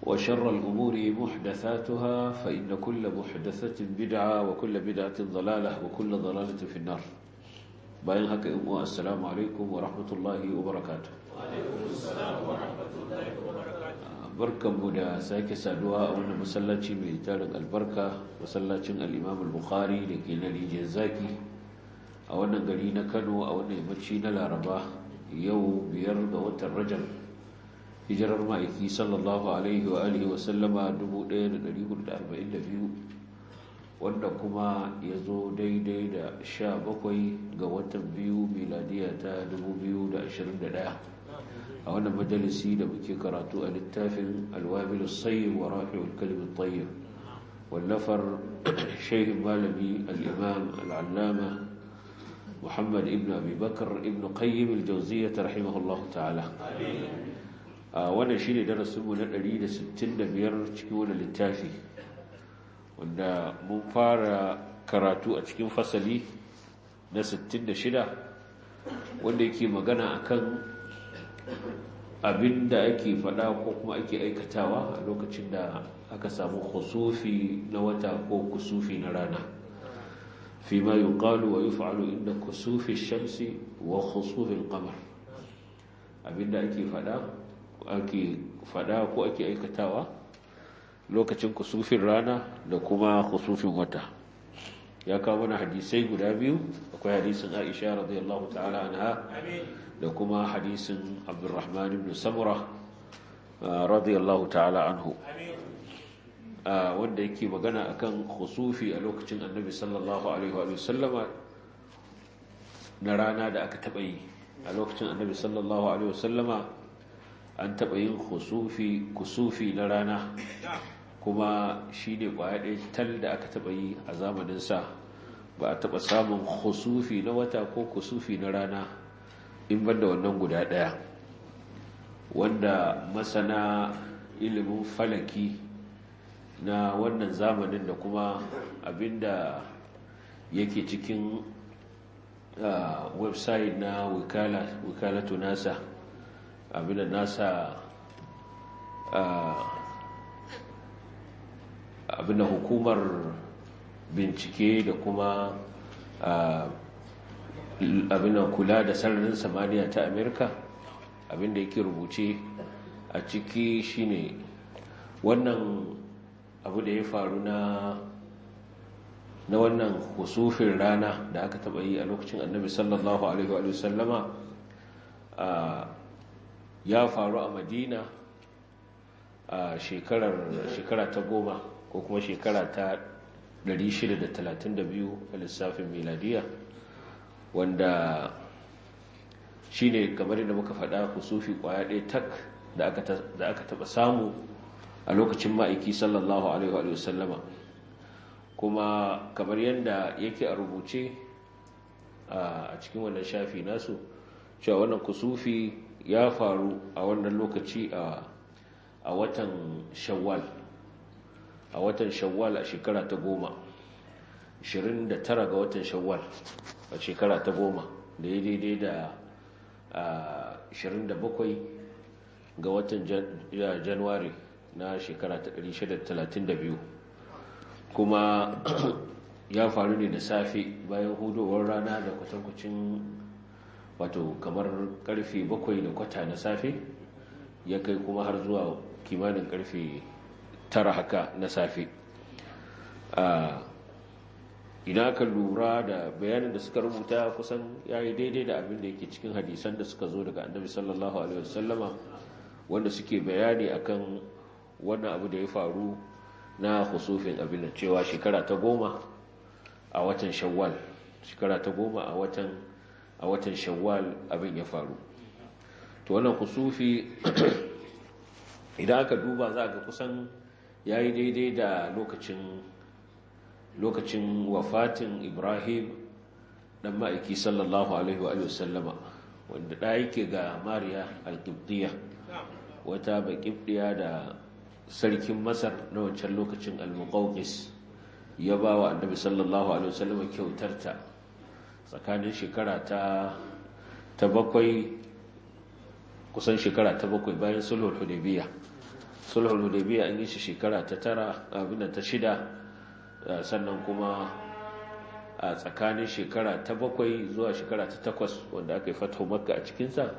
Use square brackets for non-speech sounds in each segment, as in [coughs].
وشر الأمور محدثاتها فإن كل محدثة بدعة وكل بدعة ضلالة وكل ضلالة في النار باين هكا أمو السلام عليكم ورحمة الله وبركاته وعليكم السلام ورحمة الله وبركاته بركة مدى ساكي سادوا أولا مسلاتي من تالك البركة مسلاتي الإمام البخاري لكي نالي جزاكي أولا قلينا كانوا أولا يمتشينا لارباه يوم بيرد وترجم hijirar ma'aiki sallallahu alaihi wa alihi wasallama 1442 wanda kuma ya zo daidai da sha bakwai ga watan biyu miladiya ta 2021 a wannan majalisi da muke karatu a littafin alwabil sayyid wa rafi'ul kalimin tayyib wallafar [clears throat] shehin malami al'imam al'allama muhammad ibn abubakar ibn qayyim al-jawziyyah rahimahullahu ta'ala A wannan shi ne darasinmu na 165 cikin wani littafi wanda mun fara karatu a cikin fasali na 66 wanda yake magana akan abin da ake fada ko kuma ake aikatawa a lokacin da aka samu kusufi na wata ko kusufi na rana fi ma yuqalu wa yuf'alu inda kusufi shamsi wa kusufi kamar abinda ake fada ake fada ko ake aikatawa lokacin kusufin rana da kuma kusufin wata ya kawo mana hadisai guda biyu akwai hadisin aisha radiyallahu ta'ala anha da kuma hadisin abdurrahman ibn samura uh, radiyallahu ta'ala anhu uh, wanda yake magana akan khusufi a lokacin annabi sallallahu alaihi wa sallama na rana da aka taɓa yi a lokacin annabi sallallahu alaihi wa sallama an taɓa yin kusufi na rana kuma shi ne tal da aka taɓa yi a zamaninsa ba a taɓa samun kusufi na wata ko kusufi na rana in banda wannan guda ɗaya wanda masana ilimin falaki na wannan zamanin da kuma abinda yake cikin ah, website na wikala, tunasa nasa abinan nasa abinda hukumar bincike da kuma abinda kula da sararin samaniya ta amerika abin yake rubuce a ciki shine wannan abu da ya faru na na wannan kusufin rana da aka taba yi a lokacin annabi sallallahu alaihi wa sallama ya faru a madina a shekara ta goma ko kuma shekara ta 632 a lissafin miladiya wanda shine kamar da muka faɗa kusufi kwaya ɗaya tak da aka taɓa samu a lokacin ma'aiki sallallahu alaihi wasallama kuma kamar yadda yake a rubuce a cikin wannan shafi nasu cewa wannan kusufi ya faru a wannan lokaci a watan shawwal a watan shawwal a shekara ta goma 29 ga watan shawwal a shekara ta goma da ya daidai da 27 ga watan januwari na shekara ta 632 kuma [clears throat] ya faru ne da safe bayan hudowar rana da kwatankwacin wato kamar karfe bakwai da kwata na safe ya kai kuma har zuwa kimanin karfe tara haka na safe idan aka lura da bayanin da suka rubuta kusan ya yi daidai da abin da yake cikin hadisan da suka zo daga annabi sallallahu alaihi wasallama wanda suke bayani akan wannan abu da ya faru na husufin abin da cewa shekara ta goma a watan shawwal shekara ta goma a watan a watan shawwal abin ya faru to wannan kusufi idan aka duba za ga kusan ya yi daidai da lokacin lokacin wafatin ibrahim dan ma'aiki sallallahu alaihi wa sallama wanda da yake ga mariya alkibdiya wata bakibdiya da sarkin masar na wancan lokacin almuqawqis ya ba wa annabi sallallahu alaihi wa sallama kyautarta tsakanin shekara ta bakwai kusan shekara ta bakwai bayan sulhul hudaybiya sulhul hudaybiya an yi shi shekara ta tara abin ta shida eh, sannan kuma a tsakanin shekara ta bakwai zuwa shekara ta takwas wanda aka yi fatho makka a cikinsa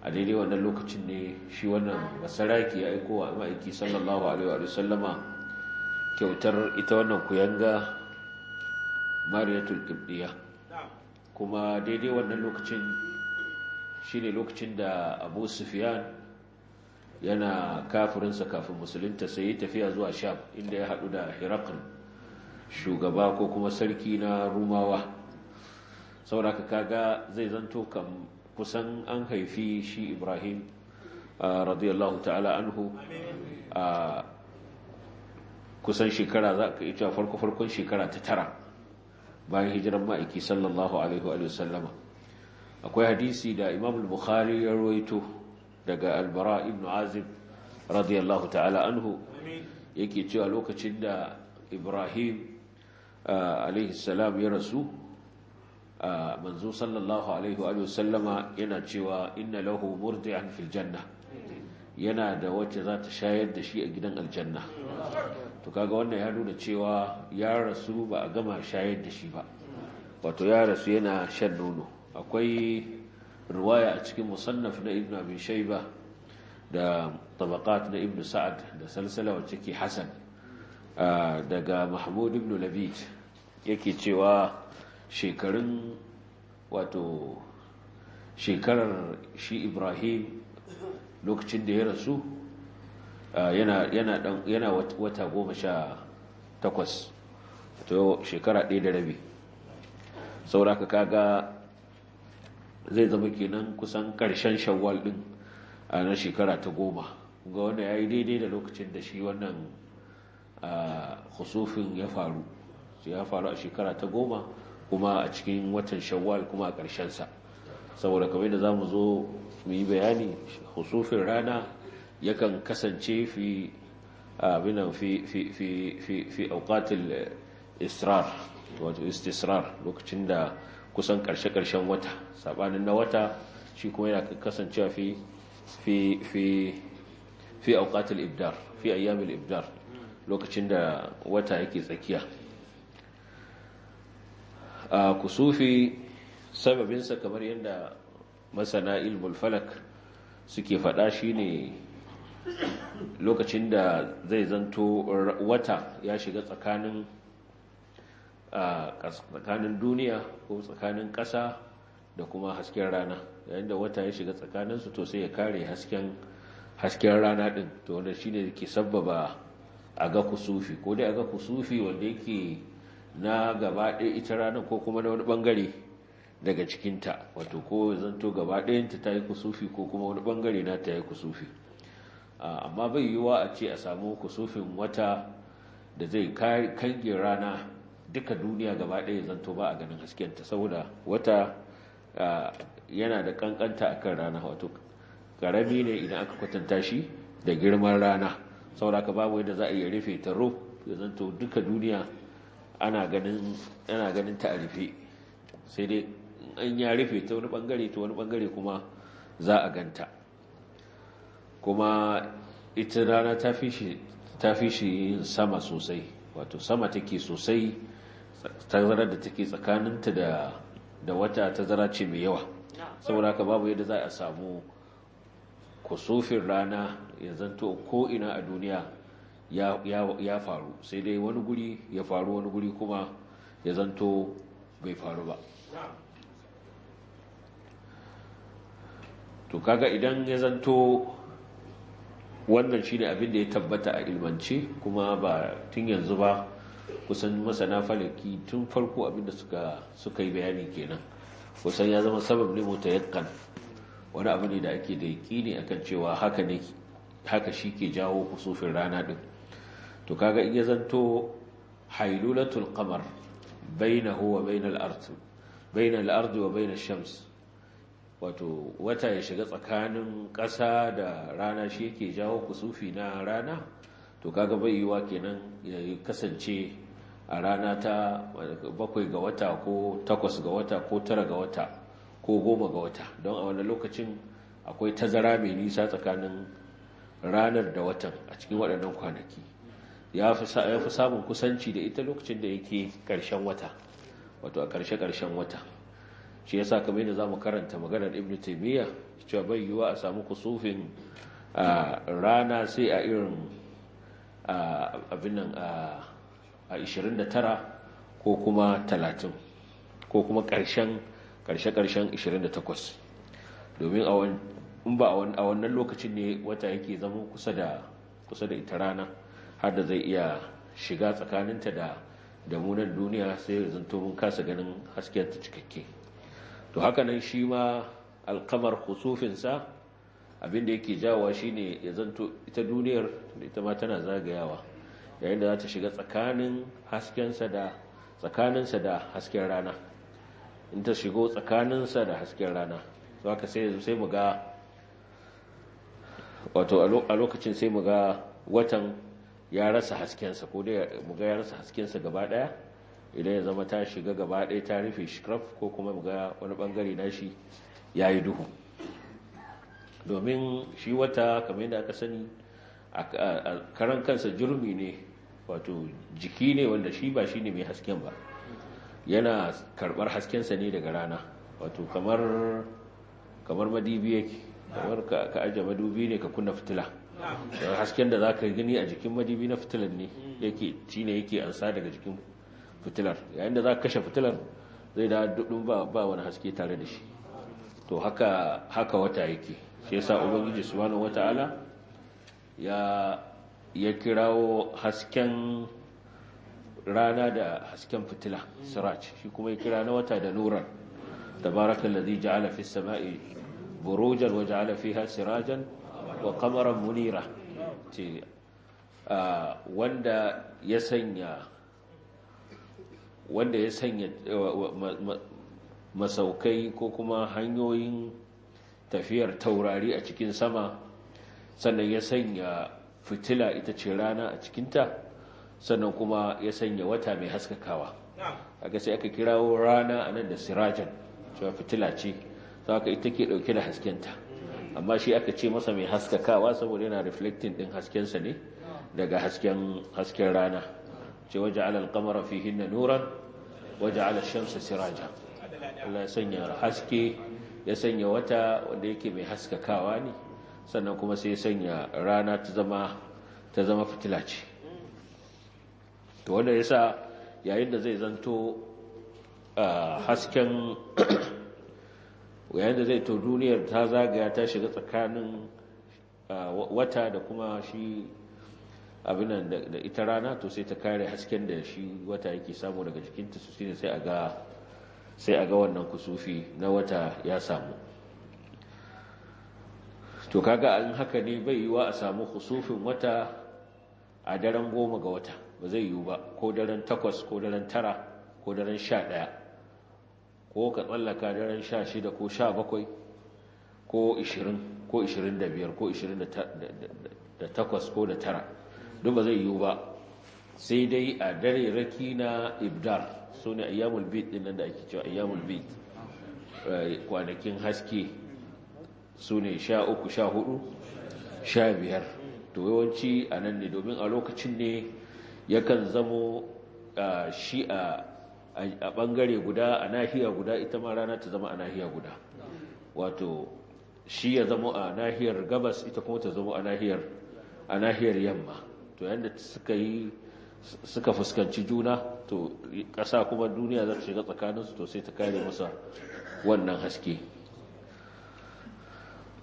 a daidai wannan lokacin ne shi wannan masaraki ya aiko wa ma'aiki sallallahu alaihi wa sallama kyautar ita wannan kuyanga mariyatul kibdiya kuma daidai wannan lokacin shi ne lokacin da abu sufiyan yana kafirinsa kafin musulunta sai yi tafiya zuwa sham inda ya haɗu da hirakun shugaba ko kuma sarki na rumawa sauraka kaga zai zanto kan kusan an haifi shi ibrahim radiyallahu ta'ala anhu a kusan shekara za ka iya farko-farkon shekara ta tara bayan hijirar ma'aiki sallallahu alaihi wa sallama akwai hadisi da imam bukhari ya ruwaito daga albara ibn azib radiyallahu ta'ala anhu yake cewa lokacin da ibrahim alaihi salam ya rasu manzo sallallahu alaihi wa sallama yana cewa inna lahu murdi'an fil janna yana da wacce za ta shayar da shi a gidan aljanna to kaga wannan ya nuna cewa ya rasu ba a gama shayar da shi ba wato ya rasu yana shan nono akwai ruwaya a cikin musannaf na ibn abin shaiba da tabakat na ibn sa'ad da salsala wacce ke hasan daga mahmud ibn labid yake cewa shekarun wato shekarar shi ibrahim lokacin da ya rasu Ah, yana wata goma sha takwas to shekara ɗaya da rabi sauraka kaga zai zama kenan kusan ƙarshen shawwal ɗin a na shekara ta goma ga wanda ya yi daidai da lokacin da shi wannan ah, husufin ya faru ya faru a shekara ta goma kuma a cikin watan shawwal kuma a ƙarshensa saboda kamar da za mu zo mu yi bayani husufin rana yakan kasance fi abinan fi auƙatil israr wato istisrar lokacin da kusan ƙarshe-ƙarshen wata saɓanin na wata shi kuma yana kasancewa fi fi fi ibdar fi ayyamil ibdar lokacin da wata yake tsakiya a kusufi sababinsa kamar yadda masana ilmul falak suke faɗa ne. lokacin da zai zanto wata ya shiga tsakanin duniya ko tsakanin ƙasa da kuma hasken rana yayin da wata ya shiga tsakaninsu to sai ya kare hasken hasken rana ɗin to wanda shi ne ke sababa a ga kusufi ko dai a ga kusufi wanda yake na gaba ɗaya ita ranar ko kuma na wani ɓangare daga cikinta wato ko zanto gaba ɗayanta ta yi kusufi ko kuma wani ɓangare na ta yi kusufi Ah, amma bai yiwuwa a ce a samu kusufin wata da zai kange rana duka duniya gaba ɗaya zanto ba a ganin haskenta saboda wata ah, yana da kankanta kan rana wato karami ne idan aka kwatanta shi da girman rana saboda ka babu yadda za a iya rufe ta rub ya zanto duka duniya ana ganin ta a rufe sai dai an ya rufe ta wani bangare ta wani bangare kuma za a ganta kuma ita rana ta fi shi yin sama sosai wato sama take sosai tazara da take tsakaninta da wata tazara ce mai yawa ah. saboda haka babu yadda za a samu kusufin rana ya zanto ko'ina a duniya ya faru sai dai wani guri ya faru wani guri kuma ya zanto bai faru ba to kaga idan ya zanto wannan shine abin da ya tabbata a ilmance kuma ba tun yanzu ba kusan masana falaki tun farko abin da suka yi bayani kenan kusan ya zama sabab ne mota yankan wani abu ne da ake da ne akan cewa haka ne haka shi ke jawo kusufin rana din to kaga in ya zanto hailulatul kamar bainahu wa bainal wa bainash shams wato wata ya shiga tsakanin ƙasa da rana shi yake jawo kusufi na rana to kaga bai yiwa kenan ya kasance a rana ta bakwai ga wata ko takwas ga wata ko tara ga wata ko goma ga wata don a wani lokacin akwai tazara mai nisa tsakanin ranar da watan a cikin waɗannan kwanaki ya fi samun kusanci da ita lokacin da yake ƙarshen wata wato a ƙarshe-ƙarshen wata shi yasa da za mu karanta maganar ibnu taymiya cewa bai yiwa a samu kusufin rana sai a irin abin nan a 29 ko kuma 30 ko kuma karshen ƙarshe 28 domin a wannan lokacin ne wata yake zama kusa da kusa ita rana har da zai iya shiga tsakaninta da damunan duniya sai ya zanto mun kasa ganin ta cikakke to haka nan shi ma alkamar kusufinsa abinda yake jawa shine ya zanto ita duniyar da ita ma tana zagayawa yayin da za ta shiga tsakanin da tsakaninsa da hasken rana in ta shigo tsakaninsa da hasken rana su haka sai mu ga wato a lokacin sai mu ga watan ya rasa haskensa ko dai mu ga ya rasa haskensa gaba daya idan ya zama ta shiga gaba ɗaya ta rufe shraf ko kuma ga wani bangare na shi ya yi duhu domin shi wata kamar yadda aka sani a karan kansa jirmi ne wato jiki ne wanda shi ba shi ne mai hasken ba yana karɓar haskensa ne daga rana wato kamar madibi yake kamar ka aje madubi ne ka kunna fitila hasken da za ka gani a jikin madibi na fitilan ne yake shi ne yake ansa daga jikin fitilar yayin da za ka kashe fitilar zai da duɗin ba wani haske tare da shi to haka haka wata yake shi yasa ubangiji subhanahu wata'ala ya ya kirawo hasken rana da hasken fitila siraj shi kuma ya kira na wata da nuran tabarakal ladhi ja'ala fis sama'i burujan wa ja'ala fiha sirajan wa qamaran munira ce ah, wanda ya sanya wanda ya sanya eh, masaukai ko kuma hanyoyin tafiyar taurari a cikin sama sannan ya sanya fitila ita ce rana a cikinta sannan kuma ya sanya wata mai haskakawa a sai aka kirawo rana a nan da sirajan cewa fitila ce za ka ita ke ɗauke da haskenta amma shi aka ce masa mai haskakawa saboda yana reflecting ɗin haskensa ne daga hasken rana ce waje alal kamara fi hinna nuran waja'ala shamsa siraja Allah ya sanya haske ya sanya wata wanda yake mai haskakawa ne sannan kuma sai ya sanya rana ta zama fitila ce to wanda yasa yayin da zai zanto hasken yayin da zai to duniyar ta zagaya ta shiga tsakanin wata da kuma shi abin da ita rana to sai ta kare hasken da shi wata yake samu daga jikinta su shine sai a ga sai a ga wannan kusufi na wata ya samu to kaga an haka ne bai yiwa a samu kusufin wata a daren goma ga wata ba zai yiwu ba ko daren takwas ko daren tara ko daren sha ɗaya ko ka tsallaka daren sha shida ko sha bakwai ko ishirin ko ishirin da biyar ko ishirin da takwas ko da tara don ba zai yiwu ba sai dai a dare raki na ibdar su ne yamul bit din nan da ake cewa yamul bit eh, kwanakin haske su ne sha uku sha hudu sha biyar to yawanci a nan ne domin a lokacin ne yakan zamo shi a bangare guda a nahiya guda ita ma rana ta zama a nahiya guda wato shi ya zamo a nahiyar gabas ita kuma ta zamo a nahiyar yamma to yadda suka yi suka fuskanci juna to ƙasa kuma duniya za ta shiga tsakaninsu to sai ta kare masa wannan haske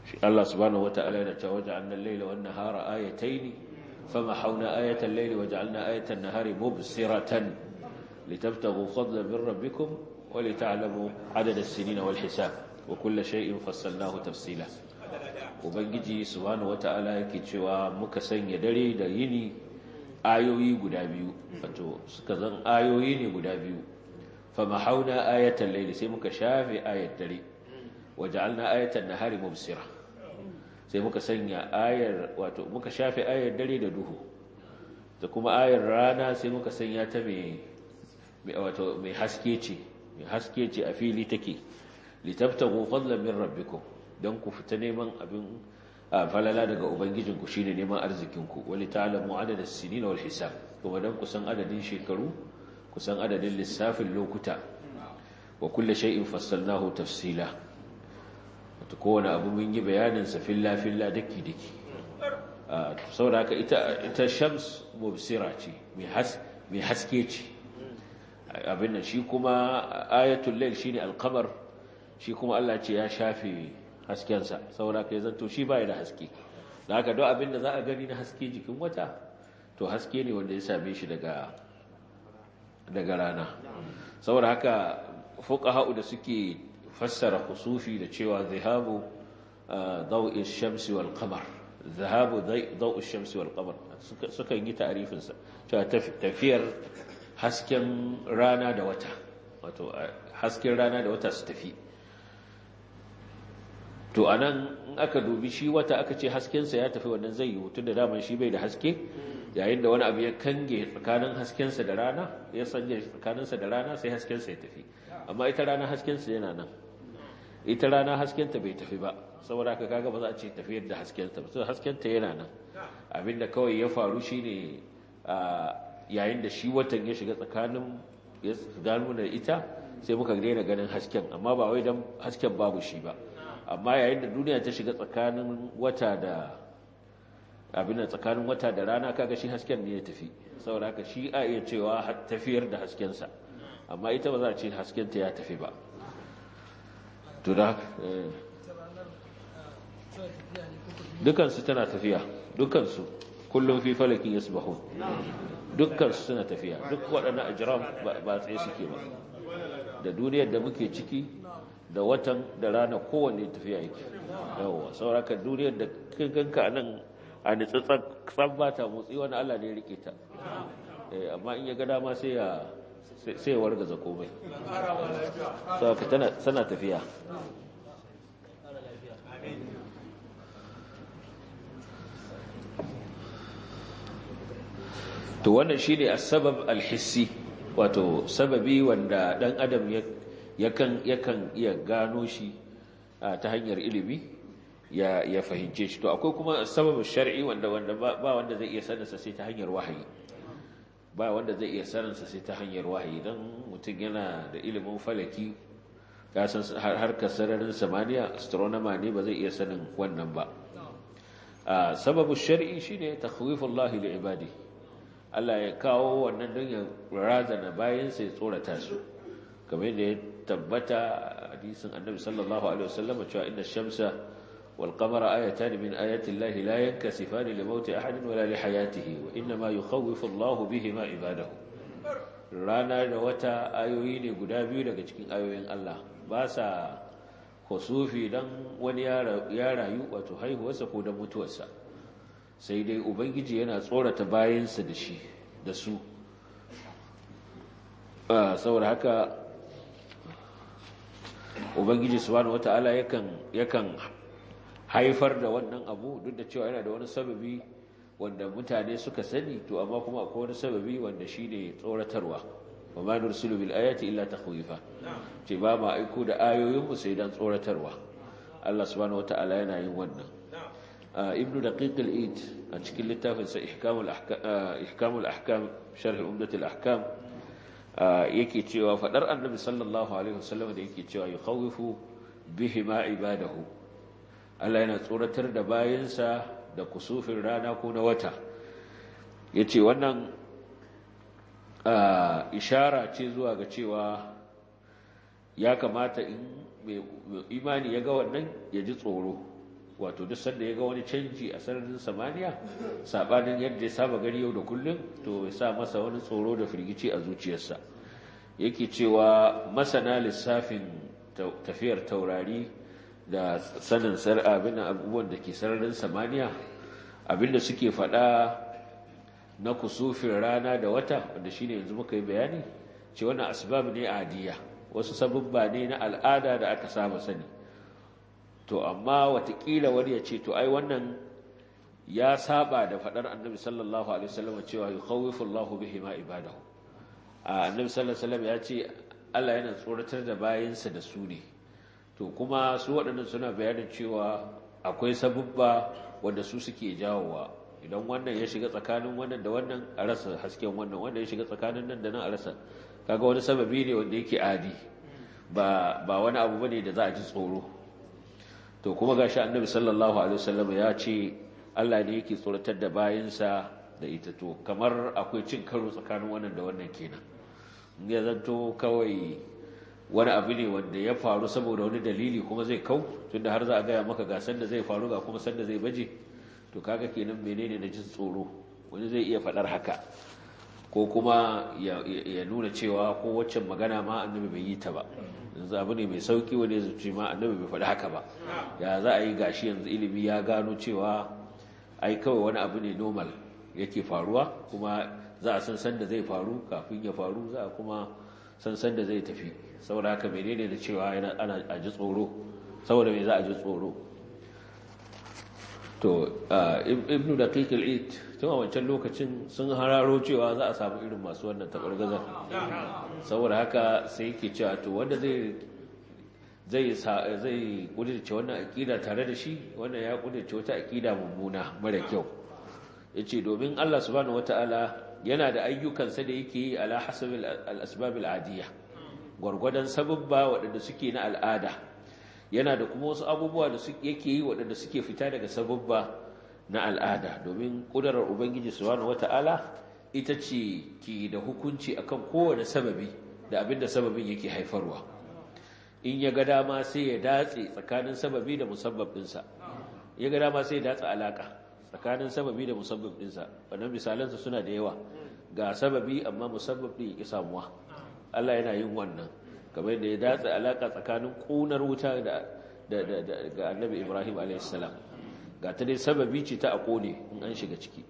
shi Allah subhanahu wata'ala da cewa ja'alna al-laila wan nahara ayatayn famahawna ayatan layli wa ja'alna ayatan nahari mubsiratan litabtaghu fadlan min rabbikum wa lita'lamu adada sinina wal hisab wa shai shay'in fassalnahu tafsila ubangiji subhanahu wata'ala yake cewa muka sanya dare da yini ayoyi guda biyu wato suka zan ayoyi ne guda biyu fa mahauna ayatan layli sai muka shafe ayat dare waja'alna ayatan nahari mubsira sai muka sanya ayar wato muka shafe ayar dare da duhu da kuma ayar rana sai muka sanya ta mai wato mai haske ce mai haske ce a fili take litabtagu fadlan min rabbikum don ku fita neman abin falala daga ubangijinku shine neman arzikinku wali ta'lamu adada na wal hisab kuma don ku san adadin shekaru ku san adadin lissafin lokuta wa kulli shay'in fassalnahu tafsila wato kowane abu mun yi bayanin sa filla filla daki daki saboda haka ita shams mubsira ce mai haske ce abin nan shi kuma ayatul layl shine alqamar shi kuma Allah ce ya shafe haskensa saboda ka yi zanto shi ya da haske da haka duk abin da za a gani na haske jikin wata to haske ne wanda ya same shi daga rana saboda haka fuka ha'u da suke fassara kusufi da cewa zihabu ah, daw'i shamsi wal qamar zahabu daw'i shamsi wal qamar suka yi ta'rifin sa cewa tafiyar hasken rana da wata wato ah, hasken rana da wata su tafi to a nan in aka dubi shi wata aka ce haskensa ya tafi wannan zai yi tun da daman shi bai da haske yayin da wani abu ya kange tsakanin haskensa da rana ya sanya tsakaninsa da rana sai haskensa ya tafi amma ita rana haskensa yana nan ita rana haskenta bai tafi ba saboda haka kaga ba za a ce tafiyar da haskenta ba haskenta yana nan abinda kawai ya faru shine yayin da shi watan ya shiga tsakanin ya gano da ita sai muka daina ganin hasken amma ba wai dan hasken babu shi ba amma yayin da duniya ta shiga tsakanin wata da abin tsakanin wata da rana kaga shi hasken ne ya tafi saboda haka shi a iya cewa tafiyar da haskensa amma ita ba za a ce haskenta ya tafi ba to da eh, dukansu tana tafiya dukansu kullum fi falakin yasbahun su suna tafiya duk waɗannan ajram ba tsaye suke ba da duniyar da muke ciki da watan da rana kowane tafiya yake yawa sauraka duniyar da kanka a nan a nitsatsar san ba ta motsi wani allah ne rike ta eh, amma in ya ga dama sai ya sai ya wargaza komai sauraka tana tafiya to wannan shine sabab alhissi wato sababi wanda dan adam ya yakan yakan iya gano shi ta hanyar ilimi ya ya fahince shi to akwai kuma sababu shar'i wanda wanda ba wanda zai iya sa sai ta hanyar wahayi ba wanda zai iya sa sai ta hanyar wahayi dan mutum yana da ilimin falaki san harkar sararin samaniya astronomer ne ba zai iya sanin wannan ba sababu shar'i shine takhwifullahi ibadi. Allah ya kawo wannan don ya razana bayan sai tsorata su kamar yadda tabbata hadisin annabi sallallahu alaihi wasallam cewa inna shamsa wal qamara ayatan min ayati llahi la yankasifani li mauti ahadin wala li hayatihi wa inna ma yukhawifu Allahu bihima ibadahu rana da wata ayoyi ne guda biyu daga cikin ayoyin Allah ba sa kusufi dan wani ya rayu wato haihuwarsa ko da mutuwarsa sai dai ubangiji yana tsorata bayansa da shi da su ah, saboda haka ubangiji subhanahu wata'ala yakan yakan haifar da wannan abu duk da cewa yana da wani sababi wanda mutane suka sani to amma kuma akwai wani sababi wanda shine tsoratarwa wa ma nursilu bil ayati illa takhwifa ce ba ma aiko da ayoyin mu sai dan tsoratarwa Allah subhanahu wata'ala yana yin wannan ibnu daqiq al a cikin littafin sa ihkamul ahkam sharh ahkam yake cewa fadar annabi sallallahu alaihi wasallam da yake cewa yukhawifu bihi ma ibadahu Allah yana tsoratar da bayinsa da kusufin rana ko na wata yace wannan ishara ce zuwa ga cewa ya kamata in imani ya ga wannan ya ji tsoro wato duk sanda ya ga wani canji a sararin samaniya sabanin yadda ya saba gari yau da kullum to ya sa masa wani tsoro da firgici a zuciyarsa yake cewa masana lissafin tafiyar taurari da sanin abin abubuwan da ke sararin samaniya abinda suke faɗa na kusufin rana da wata wanda shine yanzu muka yi bayani ce wannan asbab ne adiya wasu sababba ne na al'ada da aka saba sani to amma watakila wani ya ce to ai wannan ya saba da faɗar annabi sallallahu alaihi wasallam cewa yukhawifu Allahu bihi ma ibadahu annabi sallallahu alaihi wasallam ya ce Allah yana tsoratar da bayinsa da su ne to kuma su waɗannan suna bayanin cewa akwai sabubba wanda su suke jawowa idan wannan ya shiga tsakanin wannan da wannan a rasa hasken wannan wanda ya shiga tsakanin nan da nan a rasa kaga wani sababi ne wanda yake adi ba ba wani abu bane da za a ji tsoro to kuma gashi annabi sallallahu alaihi wasallam ya ce Allah ne yake tsoratar da bayinsa da ita to kamar akwai cin karo tsakanin wannan da wannan kenan in ya zanto kawai wani abu ne wanda ya faru saboda wani dalili kuma zai kau tunda har za a gaya maka ga sanda zai faru ga kuma sanda zai baje to kaga kenan menene na jin tsoro wani zai iya faɗar haka ko kuma ya nuna cewa ko waccan magana ma annabi bai yi ta ba yanzu abu ne mai sauki wani ya zuci ma annabi bai faɗi haka ba ya za a yi gashi yanzu ilimi ya gano cewa ai kawai wani abu ne normal yake faruwa kuma za a san san da zai faru kafin ya faru za a kuma san san da zai tafi saboda haka menene da cewa ana a ji tsoro saboda me za a ji tsoro to ibnu da kekil it tun a wancan lokacin sun hararo cewa za a samu irin masu wannan taɓargazar saboda haka sai ke cewa to wanda zai zai kudirce wannan aƙida tare da shi wannan ya kudirce wata akida mummuna mara kyau ya ce domin allah subhanahu wata'ala yana da ayyukansa da yake yi ala hasabin al'asbabin adiya gwargwadon sababba waɗanda suke na al'ada yana da kuma wasu abubuwa da yake yi waɗanda suke fita daga sababba na al'ada domin ƙudurar ubangiji wata wata'ala ita ce ke da hukunci akan kowane sababi da abinda sababin yake haifarwa in ya ga dama sai ya datse tsakanin sababi da musabbab ya ga dama sai ya datse alaƙa tsakanin sababi da musabbab ɗinsa wannan misalansa suna da yawa ga sababi amma musabbab ɗin ya samuwa Allah yana yin wannan kamar da ya datsa alaka tsakanin ƙunar wuta ga annabi ibrahim a.s. ga ta dai sababi ce ta a ƙone in an shiga ciki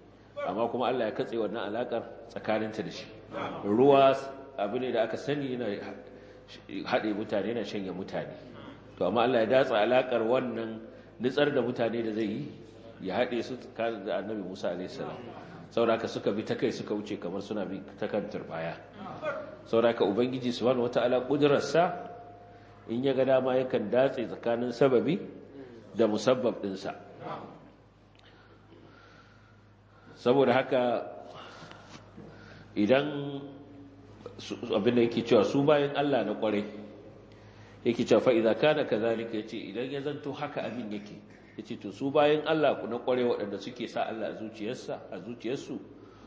amma kuma allah ya katse wannan alakar tsakaninta da shi ruwa abu ne da aka sani yana haɗe mutane yana shanye mutane to amma allah ya datsa alakar wannan nitsar da mutane da zai yi ya haɗe su tsakanin da annabi musa alaihissalam da aka suka bi ta kai suka wuce kamar suna bi ta kan turbaya sauraka ubangiji su subhanahu wataala kudrarsa in ya ga dama yakan datse tsakanin sababi da musabbab ɗinsa saboda haka idan abin da yake cewa su bayan Allah na kwarai yake cewa fa'iza kana ka zalika ya ce idan ya zanto haka abin yake ya ce to su bayan Allah na kwarai waɗanda suke sa Allah a zuciyarsu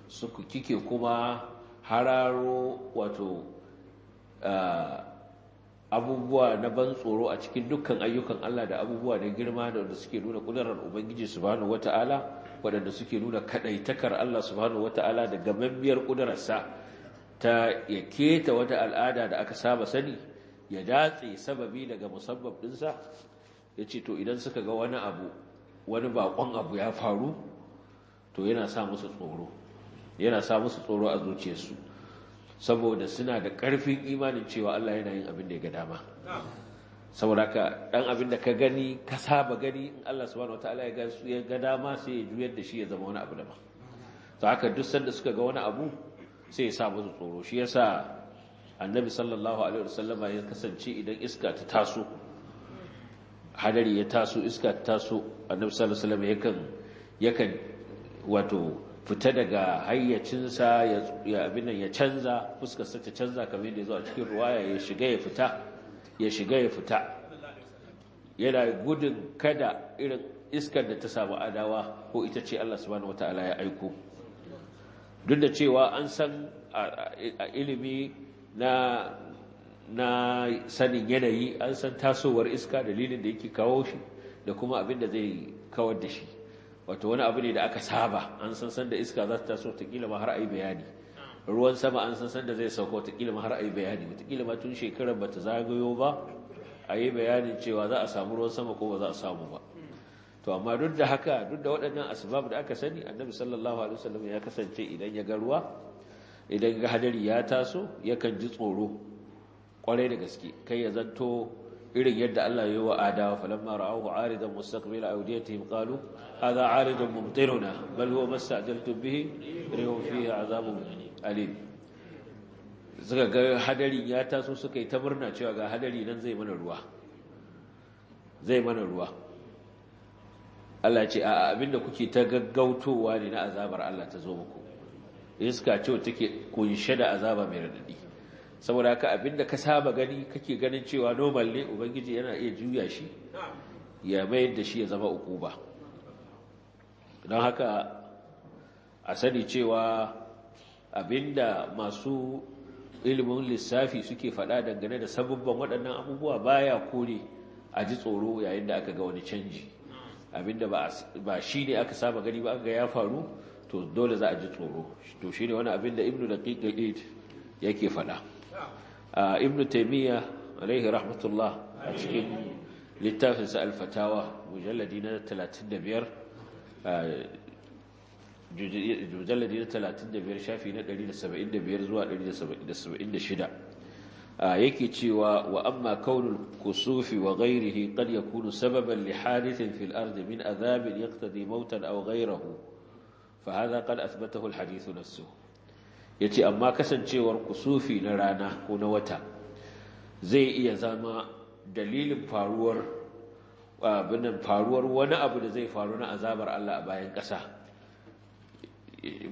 su kike kuma hararo wato ah, abubuwa na ban tsoro a cikin dukkan ayyukan Allah da abubuwa da girma da wanda suke nuna kudarar Ubangiji subhanahu wata'ala waɗanda suke nuna kaɗaitakar Allah subhanahu wata'ala da gamammiyar kudararsa ta ya keta wata al'ada da aka saba sani ya datse sababi daga musabbab ɗinsa ya ce to idan suka ga wani abu wani baƙon abu ya faru to yana sa musu tsoro yana sa musu tsoro a zuciyarsu saboda suna da ƙarfin imanin cewa Allah yana yin abin da ya ga dama saboda ka dan abin da ka gani ka saba gani in Allah subhanahu wataala ya ga su ya ga dama sai ya juyar da shi ya zama wani abu daban to haka duk sanda suka ga wani abu sai ya sa musu tsoro shi yasa annabi sallallahu alaihi wasallama ya kasance idan iska ta taso hadari ya taso iska ta taso annabi sallallahu alaihi wasallam yakan yakan wato fita daga hayyacinsa ya abin ya canza fuskarsa ta canza kamar yadda ya zo a cikin ruwa ya shiga ya fita ya shiga ya fita yana gudun kada irin iskar da ta samu adawa ko ita ce Allah subhanahu wataala ya aiko duk da cewa an san a ilimi na na sanin yanayi an san tasowar iska dalilin da yake kawo shi da kuma abin da zai kawar da shi wato wani abu ne da aka saba an san san da iska za ta taso kila ma har a bayani ruwan sama an san san da zai sauko kila ma har a yi bayani kila ma tun shekarar bata zagayo ba a yi bayanin cewa za a samu ruwan sama ko ba za a samu ba to amma duk da haka duk da waɗannan asbab da aka sani annabi sallallahu alaihi wasallam ya kasance idan ya ga ruwa idan ga hadari ya taso yakan ji tsoro kwarai da gaske kai ya zanto irin yadda Allah ya yi wa adawa falamma ra'awhu 'aridan mustaqbil awdiyatihim qalu hadha 'aridun mumtiruna bal huwa mastajaltum bihi rihum fiha azabun alim suka ga hadari ya taso suka yi ta cewa ga hadari nan zai mana ruwa zai mana ruwa Allah ce a abinda kuke ta gaggautowa ne na azabar Allah ta zo muku iska ce take kunshe da azaba mai radadi saboda haka abinda ka saba gani kake ganin cewa normal ne ubangiji yana iya juya shi ya mayar da shi ya zama ukuba don haka a sani cewa abinda masu ilimin lissafi suke faɗa dangane da sabubban waɗannan abubuwa baya kore a ji tsoro yayin da aka ga wani canji abinda ba shi ne aka saba gani ba aka ya faru to dole za a ji tsoro to shi ne wani abinda ibnu da ƙiƙa yake faɗa Ah, ibn taymiya alaihi rahmatullah a cikin littafinsa alfatawa mujalladi na 35 ah, mujalladi na 35 shafi na 175 zuwa 176 ah, yake cewa wa amma kaunul kusufi wa ghairihi qad yakunu sababan li hadithin fil ardi min adhabin yaqtadi mautan aw ghayrahu fa hadha qad athbathahu al hadith nafsuhu ya ce amma kasancewar kusufi na rana ko na wata zai iya zama dalilin faruwar abinan faruwar wani abu da zai faru na azabar Allah a bayan ƙasa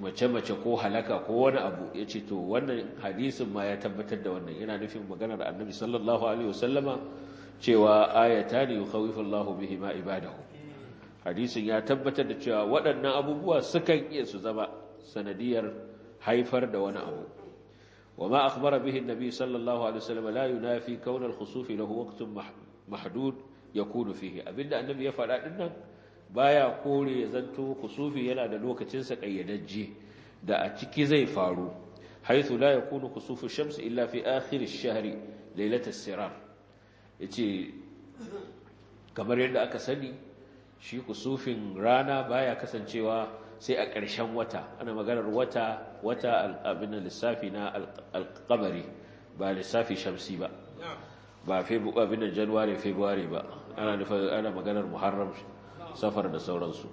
mace-mace ko halaka ko wani abu ya ce to wannan hadisin ma ya tabbatar da wannan yana nufin maganar annabi sallallahu alaihi wasallama cewa ayata ne yukhawifu Allahu bihi ma ibadahu hadisin ya tabbatar da cewa waɗannan abubuwa sukan iya su zama sanadiyar haifar da wani abu وما أخبر به النبي صلى الله عليه وسلم لا ينافي كون الخسوف له وقت محدود يكون فيه أبدا النبي يفعل أنه baya kore zanto kusufi yana da lokacinsa ƙayyadajje da a ciki zai faru haithu la yakunu kusufu shamsu illa fi akhir ash-shahr laylat as yace kamar yadda aka sani shi kusufin rana baya kasancewa sai a ƙarshen wata ana maganar wata wata abin lissafi na alƙamari ba lissafi shamsi ba ba abin da januwari februari ba ana maganar muharram safar da sauransu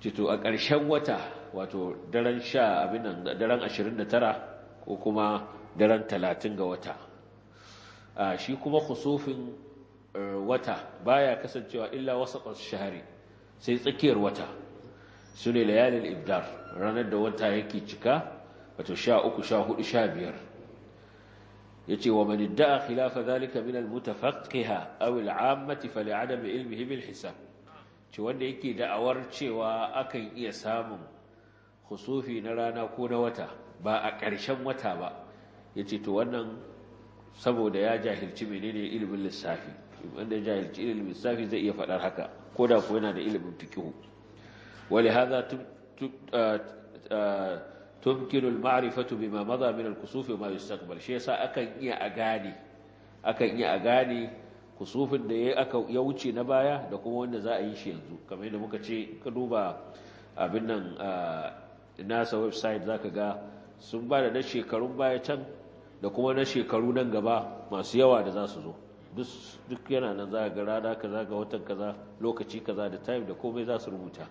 cito a ƙarshen wata wato daren sha abin da daren ashirin da tara ko kuma daren talatin ga wata shi kuma kusufin eh, wata baya kasancewa illa wasu wasaƙon shahari sai tsakiyar wata su ne layalin ibdar ranar da wata yake cika wato sha uku sha hudu sha biyar ya ce wa mani da'a khilafa zalika min almutafaqiha aw al'ammati fa li'adam ilmihi bil hisab ce wanda yake da'awar cewa akan iya samun kusufi na rana ko na wata ba a ƙarshen wata ba yace to wannan saboda ya jahilci menene ilimin lissafi wanda jahilci ilimin lissafi zai iya faɗar haka ko da ko yana da ilimin fikihu wali hadha tumkinu al-ma'rifatu bima madha min al-kusuf ma yustaqbal shi yasa akan iya a gane akan iya a gane kusufin da ya aka ya wuce na baya da kuma wanda za a yi shi yanzu kamar yadda muka ce ka duba abin nan nasa website zaka ga sun ba da na shekarun baya can da kuma na shekaru nan gaba masu yawa da za su zo duk yana nan za ga rana kaza ga watan kaza lokaci kaza da time da komai za su rubuta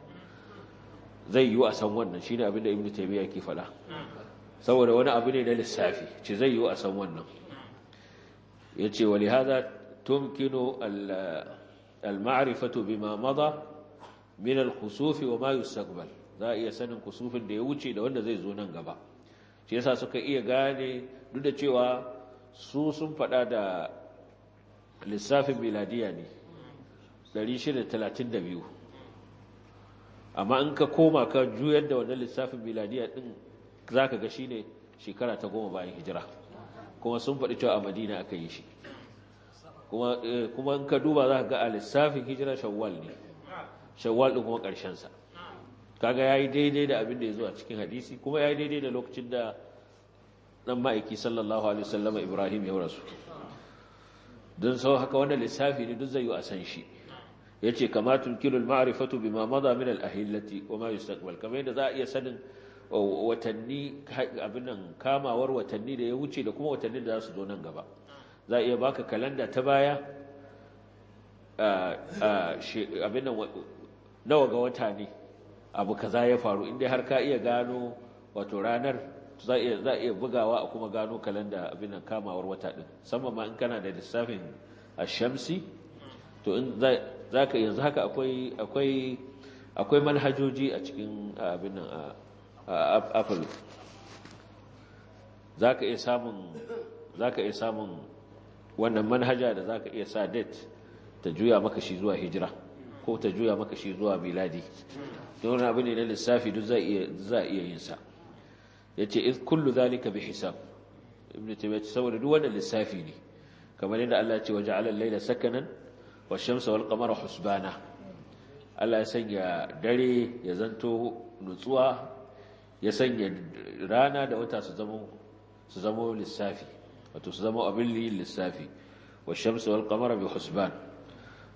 zai yiwu a san wannan shine abin da ibnu taymiya ke faɗa saboda wani abu ne na lissafi ce zai yiwu a san wannan yace wali hada tumkinu al ma'rifatu bima mada min al khusufi wa ma yustaqbal za iya sanin kusufin da ya wuce da wanda zai zo nan gaba shi yasa suka iya gane duk da cewa su sun faɗa da lissafin miladiya ne 632 amma in ka koma ka juyar da wannan lissafin miladiya din za ka ga shi ne shekara ta goma bayan hijira kuma sun faɗi cewa a madina aka yi shi eh, kuma in ka duba za ka ga a lissafin hijira shawwal ne shawwal ɗin kuma ƙarshensa kaga ya yi daidai da abin da ya zuwa cikin hadisi kuma ya yi daidai da lokacin da ɗan ma'aiki sallallahu alaihi wasallama ibrahim ya rasu don sau haka wannan lissafi ne duk zai yi a san shi ya ce kama tunkirul ma'arifatu bi ma maza min al'ahillati wa ma yustaqbal kamar yadda za a iya sanin uh, watanni abinan kamawar watanni da ya wuce da kuma watanni da za su zo nan gaba za a iya baka kalanda ta baya uh, uh, abinan nawa ga wata ne abu kaza ya faru inda har ka iya gano wato ranar za a iya bugawa a kuma gano kalanda abin nan kamawar wata din sama ma in kana da lissafin shamsi to in za ka yanzu haka akwai manhajoji a cikin abin nan a apple za ka iya samun wannan manhaja da za ka iya sa date ta juya maka shi zuwa hijira ko ta juya maka shi zuwa miladi don abin ne na lissafi duk za iya yin sa yace iz kullu zalika bi hisab ibnu taymiyyah saboda duk wannan lissafi ne kamar yadda Allah ya ce waja'ala al-laila sakanan wash-shamsa wal-qamara husbana Allah ya sanya dare ya zanto nutsuwa ya sanya rana da wata su zamo su zamo lissafi wato su abin lissafi shamsa wal-qamara bi husban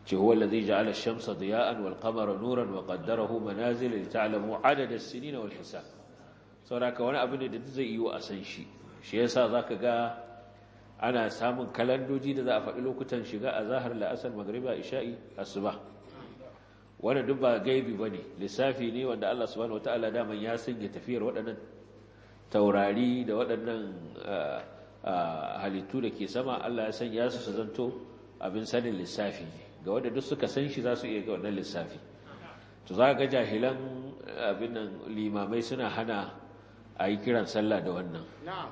ce huwa alladhi ja'ala ash-shamsa diya'an wal-qamara nuran wa qaddarahu manazil li ta'lamu 'adada as-sinina wal-hisab sauraka wani abu ne da zai yi wa a san shi shi yasa za ka ga ana samun kalandoji da za a faɗi lokutan shiga a zahar la'asar magariba isha'i asuba Wani duk ba gaibi ba ne lissafi ne wanda allah subhanahu wa ta'ala daman ya sanya tafiyar waɗannan taurari da waɗannan halittu da ke sama allah ya sanya su su zanto abin sanin lissafi ga wanda duk suka san shi za su iya ga wannan lissafi to za ga jahilan abin nan limamai suna hana a yi kiran sallah da wannan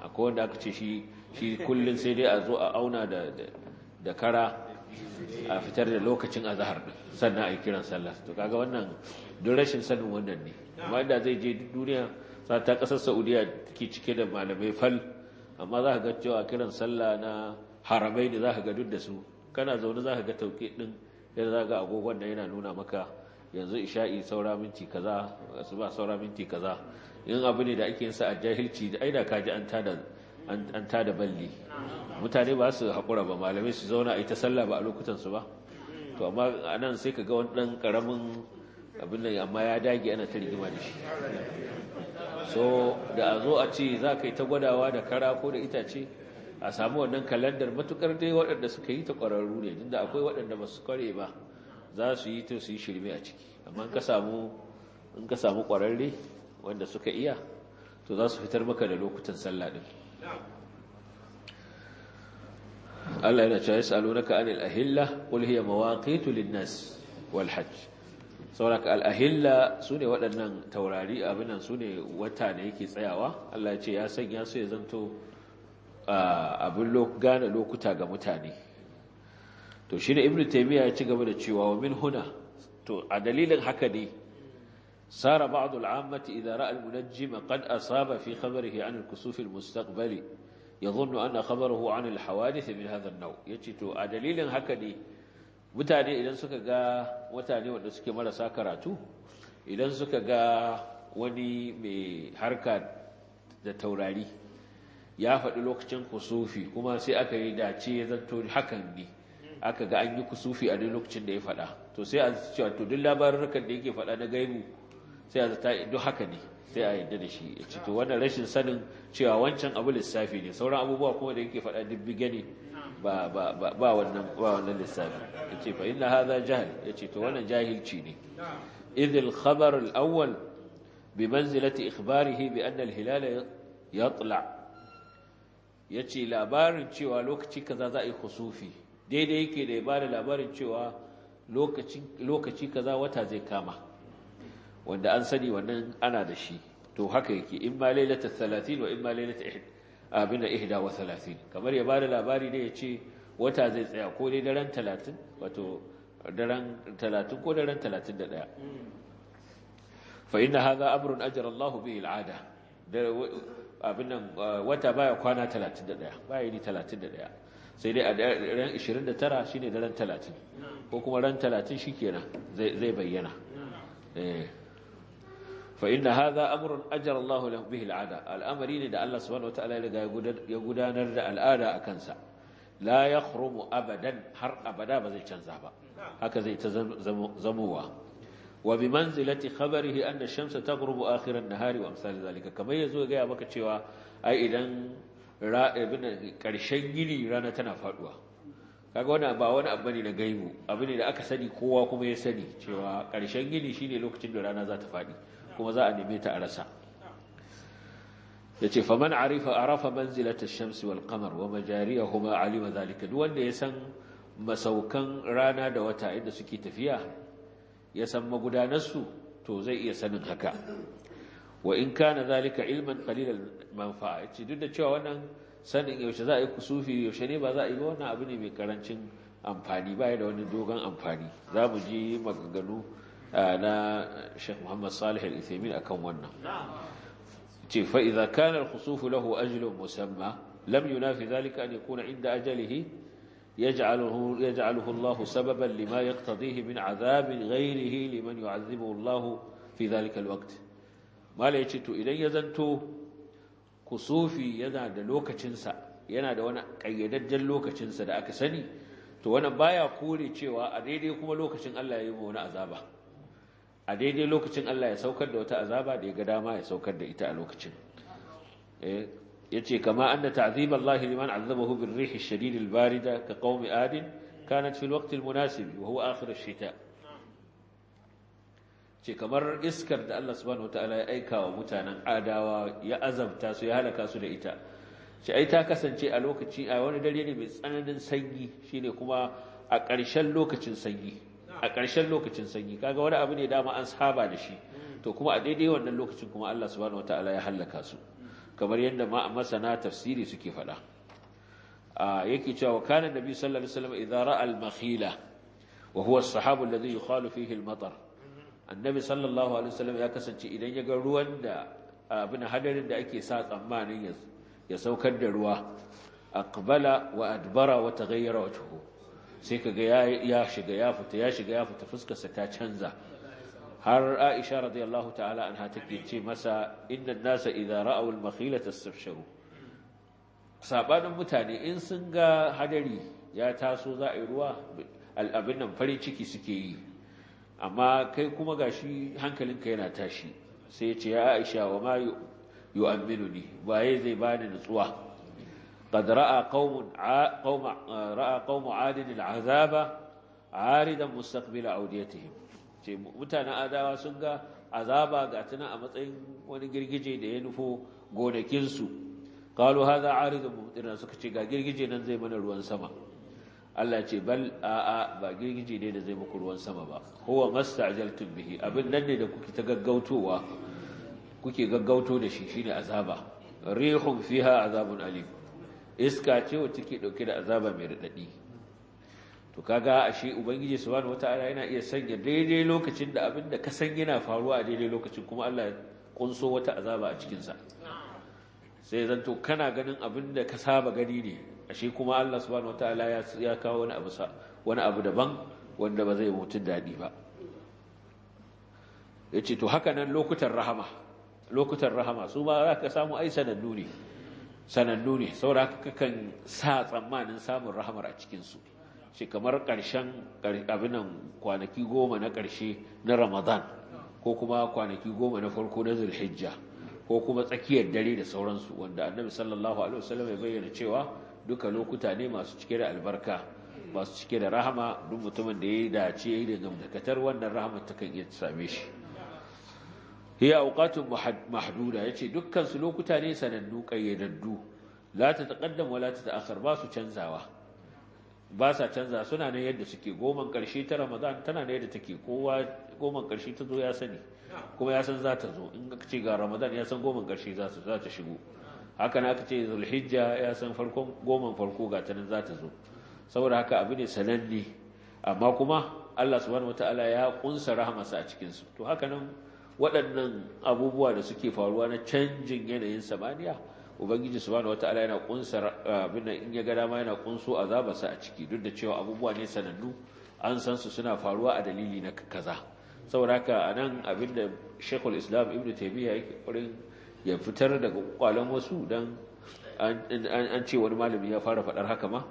akwai wanda aka ce shi kullum sai dai a zo a auna da kara a fitar da lokacin azahar sannan a yi kiran sallah to kaga wannan don rashin sanin wannan ne amma da zai je duniya za ta kasar saudiya ke cike da malamai fal amma za ka ga cewa kiran sallah na haramai da za ka ga duk da su kana zaune za ka ga tauke din yadda za ka ga agogon na yana nuna maka yanzu isha'i saura minti kaza asuba saura minti kaza in abu ne da ake yin sa a jahilci da aida kaji an tada an balli mutane ba su haƙura ba malamai su zauna a yi ta sallah ba a lokutan su ba to amma anan sai ka ga wani ɗan ƙaramin abin da amma ya dage ana ta rigima da shi so da a zo a ce za ka yi ta gwadawa da kara ko da itace a samu wannan kalandar matukar dai waɗanda suka yi ta ƙwararru ne tunda akwai waɗanda ba su ƙware ba za su yi to su yi shirme a ciki amma in ka samu ƙwararre wanda suka iya to za su fitar maka da lokutan sallah din Allah yana cewa yas'alunaka anil ahilla qul hiya mawaqitu lin-nas wal hajj sauraka al'ahilla su ne waɗannan taurari abinan su ne wata da yake tsayawa Allah ce ya sanya su ya zanto abin gane lokuta ga mutane to shi ne ibn ya ci gaba da cewa wa min huna to a dalilin haka ne Sara سار بعض العامة إذا رأى المنجم قد أصاب في خبره عن الكسوف المستقبلي يظن أن خبره عن الحوادث من هذا النوع يجتو أدليل هكذا mutane idan suka ga mutane wanda suke marasa karatu idan suka ga wani mai harka da taurari ya faɗi lokacin kusufi kuma sai aka yi dace ya zanto hakan ne aka ga an yi kusufi a duk lokacin da ya faɗa to sai a cewa to duk labarukan da yake faɗa na gaibu sai a zata duk haka ne sai a yadda da shi ya ce to wannan rashin sanin cewa wancan abu lissafi ne sauran abubuwa kuma da yake faɗa dibbige ne ba wannan ba wannan lissafi ya ce fa inna hadha jahl ya ce to wannan jahilci ne idil khabar al awwal bi manzilati ikhbarihi bi anna al hilal yatla ya ce labarin cewa lokaci kaza za a yi kusufi daidai yake da ya ba da labarin cewa lokaci kaza wata zai kama wanda an sani wannan ana da shi to haka yake in ma lailatul 30 wa in ma lailatul abin da 31 kamar ya bada labari ne ya ce wata zai tsaya ko dai daren 30 wato daren 30 ko daren 31 fa inna hadha amrun ajra Allah bihi al'ada abin nan uh, wata baya kwana 31 baya ni 31 sai dai a daren 29 shine daren 30 ko kuma ran 30 shikenan zai bayyana eh fa inna hadha amrun ajara Allahu bihi al'ada al'amari ne da Allah subhanahu wataala ya riga gudanar da al'ada a kansa la yakhrumu abadan har abada ba zai canza ba haka zai ta zamowa wa bi manzilati khabarihi anna ash-shamsa taghrubu akhir an-nahari wa amsal zalika kamar ya zo ya gaya maka cewa ai idan karshen gini rana tana faduwa kaga wannan ba wani abu ne na gaibu abu ne da aka sani kowa kuma ya sani cewa karshen gini shine lokacin da rana za ta faɗi. kuma za a neme ta a rasa yace faman arifa arafa manzilata ash-shamsi wal qamar wa majariyahuma alima zalika duk wanda ya san masaukan rana da wata inda suke tafiya ya san magudanar su to zai iya sanin haka wa in kana zalika ilman qalilal manfa'a yace duk da cewa wannan sanin yaushe za a yi kusufi yaushe ne ba za a yi wannan abu ne mai karancin amfani ba da wani dogon amfani za mu ji maganganu na Sheikh Muhammad Salih Al-Uthaymeen akan wannan ce fa idza kana al-khusuf lahu ajlun musamma lam yunafi dhalika an yakuna inda ajalihi yaj'aluhu yaj'aluhu Allah sababan lima yaqtadihi min 'adhab ghayrihi liman yu'adhibuhu Allah fi dhalika al-waqt mala yace to idan ya zanto kusufi yana da lokacinsa yana da wani kayyadajjen lokacinsa da aka sani to wannan baya kore cewa a daidai kuma lokacin Allah ya yi mu wani azaba a daidai lokacin Allah ya saukar da wata azaba da ya ga dama ya saukar da ita a lokacin eh, yace kama anna ta'zim Allah liman azabahu bir rih ash-shadid barida ka qaumi adin kanat fi al-waqt wa huwa akhir ash-shita ce kamar iskar da Allah subhanahu wataala ya aika wa mutanen adawa ya azabta su ya halaka su da ita ce ai ta kasance a lokaci a wani dare ne mai tsananin sanyi shine kuma a ƙarshen lokacin sanyi a ƙarshen lokacin sanyi kaga wani abu ne dama an saba da shi mm. to kuma a daidai wannan lokacin kuma Allah subhanahu wataala ya hallaka su mm. kamar yadda masana tafsiri suke faɗa yake cewa kana nabi sallallahu alaihi wasallam idza ra'a al-makhila wa huwa as-sahabu alladhi yukhalu fihi al-matar mm. annabi sallallahu alaihi wasallam ya kasance idan ya ga ruwan da abin hadarin da ake sa tsammanin ya saukar da ruwa aqbala wa adbara wa taghayyara wajhuhu sai ka ga ya shiga ya fita ya shiga ya fita fuskarsa ta canza har Aisha radiyallahu ta'ala an take ce masa inna nasa idza ra'aw al-makhila tastabsharu sabanin mutane in sun ga hadari ya taso za a yi ruwa al'abin nan farin ciki suke yi amma kai kuma gashi hankalinka yana tashi sai ya ce ya Aisha wa ma yu'minuni waye zai bani nutsuwa قد رأى قوم ع... قوم رأى قوم عاد العذاب Mutanen مستقبل sun ga azaba ga عذابا a matsayin wani girgije da ya nufo gonakinsu kalu haza aridun mumtirna suka ce ga girgije nan zai mana ruwan sama Allah ce bal a'a ba girgije ne da zai muku ruwan sama ba huwa mastajaltum bihi abin nan ne da kuke ta gaggautowa kuke gaggauto da shi shine azaba Rihun fiha azabin alim iska ce wa ke dauke da azaba mai radadi to kaga ashe ubangiji subhanahu wataala yana iya sanya daidai lokacin da abin da ka san yana faruwa a daidai lokacin kuma Allah ya kunso wata azaba a cikin sa sai to kana ganin abin da ka saba gani ne ashe kuma Allah subhanahu wataala ya kawo wani abu sa wani abu daban wanda ba zai mutun dadi ba yace to haka nan lokutan rahama lokutan rahama su ba za ka samu aisa da ne sanannu ne saboda kakan sa tsammanin samun rahamar a cikinsu shi kamar ƙarshen abinan kwanaki goma na ƙarshe na ramadan ko kuma kwanaki goma na farko na zulhijja ko kuma tsakiyar dare da sauransu wanda annabi sallallahu alaihi wasallam ya bayyana cewa duka lokuta ne masu cike da albarka masu cike da rahama duk mutumin da ya dace da gamdakatar wannan rahamar takan iya same shi hiya awqatun mahduda yace dukkan su lokuta ne sanannu kayyadaddu Za ta taqaddam wa la ta ta'akhkhar ba su canzawa ba sa canza suna nan yadda suke goman ƙarshe ta Ramadan tana nan yadda take kowa goman ƙarshe ta zo ya sani kuma ya san za ta zo in ce ga Ramadan ya san goman ƙarshe za ta shigo haka na aka ce Zulhijja ya san farkon goman farko ga ta nan za ta zo saboda haka abu ne sananni. amma kuma Allah su subhanahu wataala ya kunsa rahamarsa a cikinsu. to haka nan waɗannan abubuwa da suke faruwa na canjin yanayin samaniya ubangiji su wata wataala yana kunsa abin in ya ga dama yana kunso zabasa a ciki duk da cewa abubuwa ne sanannu an san su suna faruwa a dalili na kaza saboda haka nan abin da shekul Islam Ibn taimiyya yake ya fitar daga ƙwalon wasu don an ce wani malami ya fara faɗar haka ma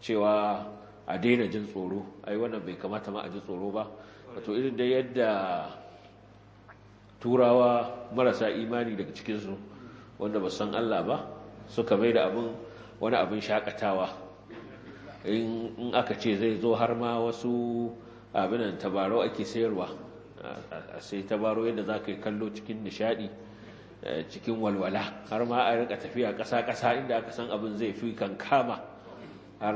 cewa a daina jin tsoro ai wannan bai kamata ma a ji tsoro ba wato irin da yadda turawa marasa imani daga cikinsu wanda ba san Allah ba suka mai da abin wani abin shakatawa in aka ce zai zo har ma wasu abinan tabarau ake sayarwa a sai tabarau yadda za ka yi kallo cikin nishadi eh, cikin walwala har ma a rika tafiya ƙasa kasa inda aka san abin zai fi kankama har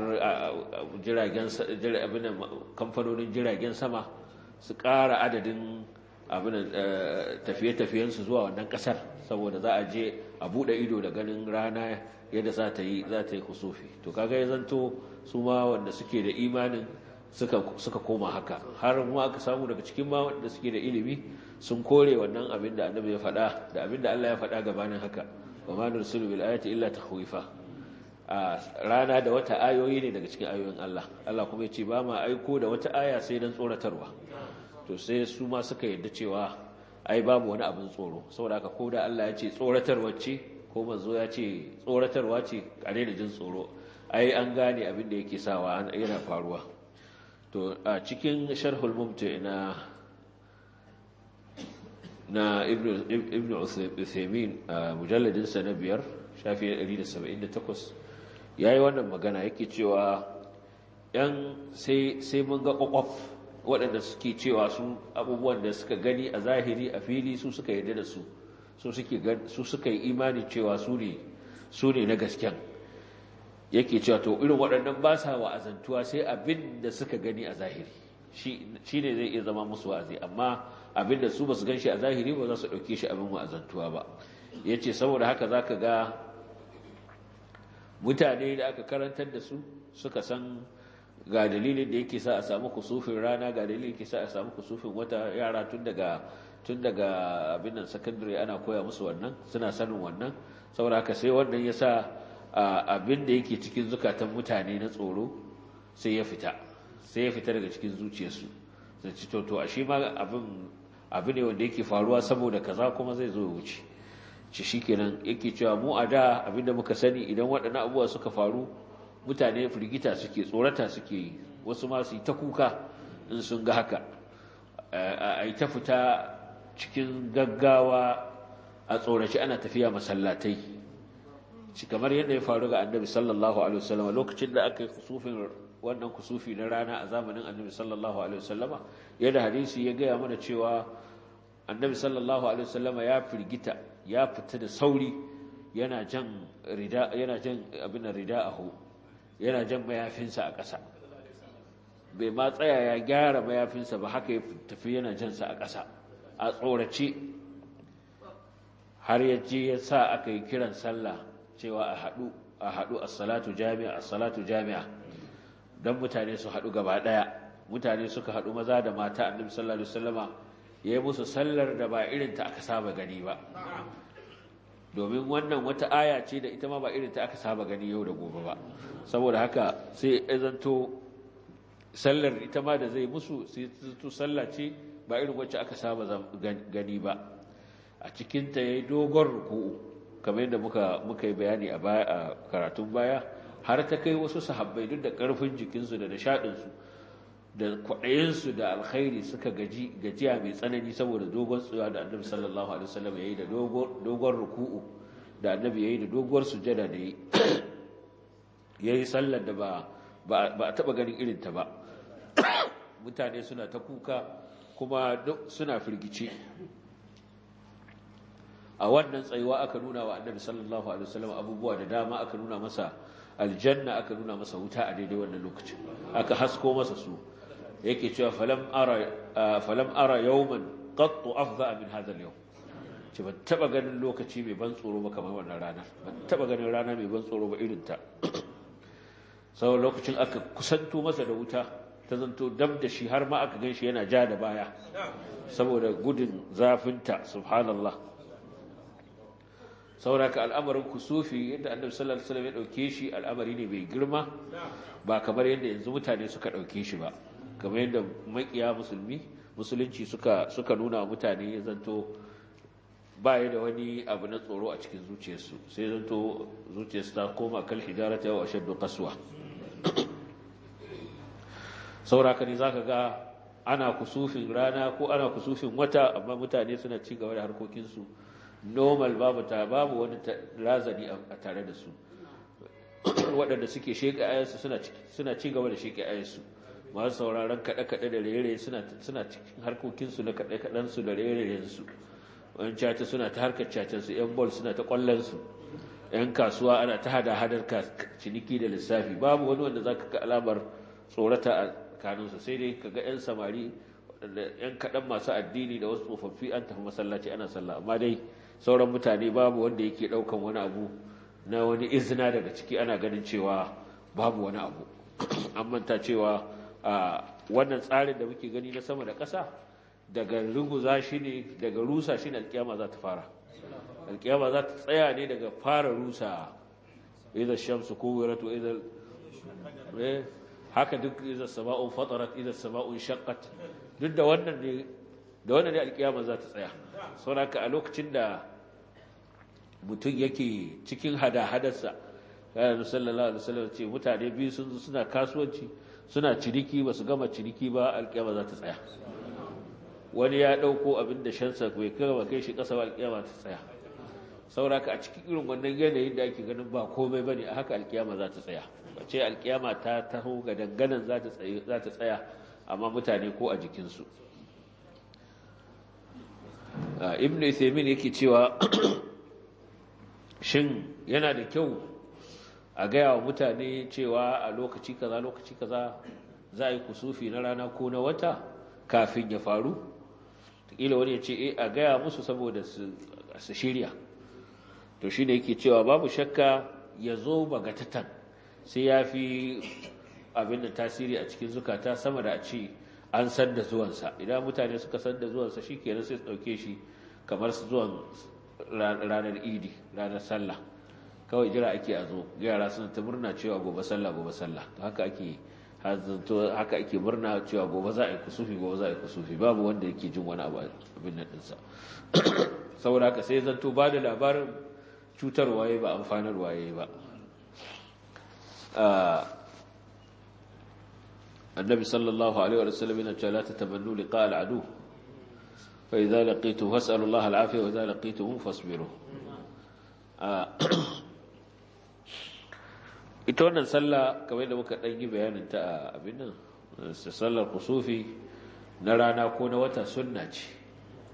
kamfanonin jiragen sama su ƙara adadin abin eh, tafiye-tafiyensu zuwa wannan kasar saboda za a je a buɗe ido da ganin rana yadda za ta yi za ta yi kusufi to kaga ya zanto su ma wanda suke da imanin suka koma haka har ma aka samu daga cikin ma wanda suke da ilimi sun kore wannan abin da annabi ya faɗa da abin da Allah ya faɗa gabanin haka wa ma nursilu bil ayati illa tahwifa rana da wata ayoyi ne daga cikin ayoyin Allah Allah kuma ya ce ba ma aiko da wata aya sai dan tsoratarwa to sai su ma suka yarda cewa ai babu wani abin tsoro saboda haka ko da Allah ya ce tsoratarwa ce ko manzo ya ce tsoratarwa ce kare da jin tsoro ai an gane abin da yake sawa yana faruwa to a cikin sharhul mumti na na ibn usaymin mujalladin mujalladinsa na biyar shafi 178 ya wannan magana yake cewa ‘yan sai mun ga ƙwaƙwaf waɗanda suke cewa su abubuwan da suka gani a zahiri a fili su suka yarda da su su suka yi imani cewa su ne na gasken yake cewa to irin waɗannan ba sa wa'azantuwa sai abin da suka gani a zahiri shi ne zai iya zama musu wa'azi amma abin da su ba su gan shi a zahiri ba za su ɗauke shi abin wa'azantuwa ba ya ce saboda haka za ka ga mutane da aka karantar da su suka san ga dalilin da yake sa a samu kusufin rana ga dalilin yake sa a samu kusufin wata yara tun daga tun daga abin nan secondary ana koya musu wannan suna sanin wannan saboda haka sai wannan ya sa abin da yake cikin zukatan mutane na tsoro sai ya fita sai ya fita daga cikin zuciyarsu sai ci to a shi ma abin abu ne wanda yake faruwa saboda kaza kuma zai zo ya wuce ci shikenan yake cewa mu a da abin da muka sani idan waɗannan abubuwa suka faru mutane firgita suke tsorata suke yi wasu ma yi ta kuka in sun ga haka a yi ta fita cikin gaggawa a tsoraci ana tafiya masallatai shi kamar yadda ya faru ga annabi sallallahu alaihi wasallam lokacin da aka yi kusufin wannan kusufi na rana a zamanin annabi sallallahu alaihi wasallama yadda hadisi ya gaya mana cewa annabi sallallahu alaihi wasallama ya firgita ya fita da sauri yana jan rida yana jan abin ridahu yana jan mayafinsa a ƙasa bai ma tsaya ya gyara mayafinsa ba haka ya tafi yana jansa a ƙasa a tsorace har ya je ya sa aka yi kiran sallah cewa a haɗu a haɗu a salatu jami'a a salatu jami'a don mutane su haɗu gaba ɗaya mutane suka haɗu maza da mata annabi sallallahu alaihi wasallama ya yi musu sallar da ba irin ta aka saba gani ba domin wannan wata aya ce da ita ma ba irin ta aka saba gani yau da gobe ba saboda haka sai zanto sallar ita ma da zai musu sai zanto sallah ce ba irin wacce aka saba gani ba a cikinta ya yi dogon ruku'u kamar yadda muka yi bayani a karatun baya har ta kai wasu sahabbai duk da ƙarfin jikinsu da nishaɗinsu da kwaɗayinsu da alkhairi suka gaji gajiya mai tsanani saboda dogon tsoya da annabi sallallahu alaihi wasallam yayi da dogon ruku'u da annabi yayi da dogon sujada da yayi [coughs] yayi sallar da ba ba a taba ganin irin ta ba [coughs] mutane suna ta kuka kuma suna firgice a wannan tsayuwa aka nuna wa annabi sallallahu alaihi wasallam abubuwa da dama aka nuna masa aljanna aka nuna masa wuta a daidai wannan lokacin aka hasko masa su yake cewa falam ara falam ara yawman afza min hadha yau. yawm ce ban taba ganin lokaci mai ban tsoro ba kamar wannan ranar ban taba ganin rana mai ban tsoro ba irin ta [coughs] sau lokacin aka kusanto masa da wuta ta zanto dab da shi har ma aka gan shi yana ja da baya saboda gudun zafinta subhanallah sauraka al'amarin kusufi yadda annabi sallallahu alaihi wasallam ya dauke shi al'amari ne bai girma ba kamar yadda yanzu mutane suka dauke shi ba kamar yadda makiya musulmi musulunci suka nuna mutane zanto ba baya da wani abu na tsoro a cikin zuciyarsu sai zanto zuciyarsu ta koma kal hijarata wa shaddu qaswa sauraka ne za ka ga ana kusufin rana ko ana kusufin wata amma mutane suna ci gaba da harkokinsu normal babu ta babu wani razani a tare da su waɗanda suke sheƙa ayansu suna ci gaba da sheƙa ayansu masu sauraron kaɗe-kaɗe da rere suna cikin harkokinsu na kaɗe kaɗansu da rere-rensu wani caca suna ta harkar cacansu yan bol suna ta ƙwallonsu yan kasuwa ana ta hada-hadar ciniki da lissafi babu wani wanda za ka ga alamar tsorata a kanunsa sai dai ka ga yan samari da yan kaɗan masu addini da wasu tsofaffi an tafi masallaci ana sallah amma dai sauran mutane babu wanda yake ɗaukan wani abu na wani izina daga ciki ana ganin cewa babu wani abu an manta cewa wannan tsarin da muke gani na sama da ƙasa daga ruguza shi ne daga rusa shi ne alƙiyama za ta fara alƙiyama za ta tsaya ne daga fara rusa idan shamsu kuwirat to idan eh, haka duk idan sama'un fatarat idan sama'un shakkat duk da wannan ne da wannan ne alƙiyama za ta tsaya sau saboda a lokacin da mutum yake cikin hada-hadarsa ya musallala a musallala ce mutane biyu sun suna kasuwanci suna ciriki ba su gama ciriki ba alƙiyama za ta tsaya wani ya ɗauko abin da shansa bai kama kai shi ƙasa ba alƙiyama ta tsaya sauraka a cikin irin wannan yanayin da ake ganin ba komai ba ne a haka alƙiyama za ta tsaya ba ce alƙiyama ta taho ga danganan za ta tsaya amma mutane ko a jikinsu ah, ibn isaimin yake cewa [coughs] shin yana da kyau a gaya wa mutane cewa a lokaci kaza lokaci kaza za a yi kusufi na rana ko na wata kafin ya faru ƙila wani ya ce eh, a gaya musu saboda su shirya to shi ne yake cewa babu shakka ya zo bagatatan sai ya fi abin da tasiri a cikin zukata sama da a ce an san da zuwansa idan mutane suka san da zuwansa shi kenan sai su ɗauke shi kamar su zuwan ranar idi ranar sallah kawai jira ake a zo yara suna ta murna cewa gobe sallah gobe sallah haka ake haka ake murna cewa gobe za a yi kusufi gobe za a yi kusufi babu wanda yake jin wani abu abin nan ɗinsa [coughs] saboda haka sai zanto ba da labarin cutar waye ba amfanar waye ba ah, annabi sallallahu alaihi wa sallam yana cewa la tatamannu liqa al'adu fa idza laqitu fas'alu Allah al'afiya wa idza laqituhum fasbiru ah, [coughs] ita wannan sallah kamar da muka ɗan yi bayanin ta a abin nan sallar kusufi na rana ko na wata sunna ce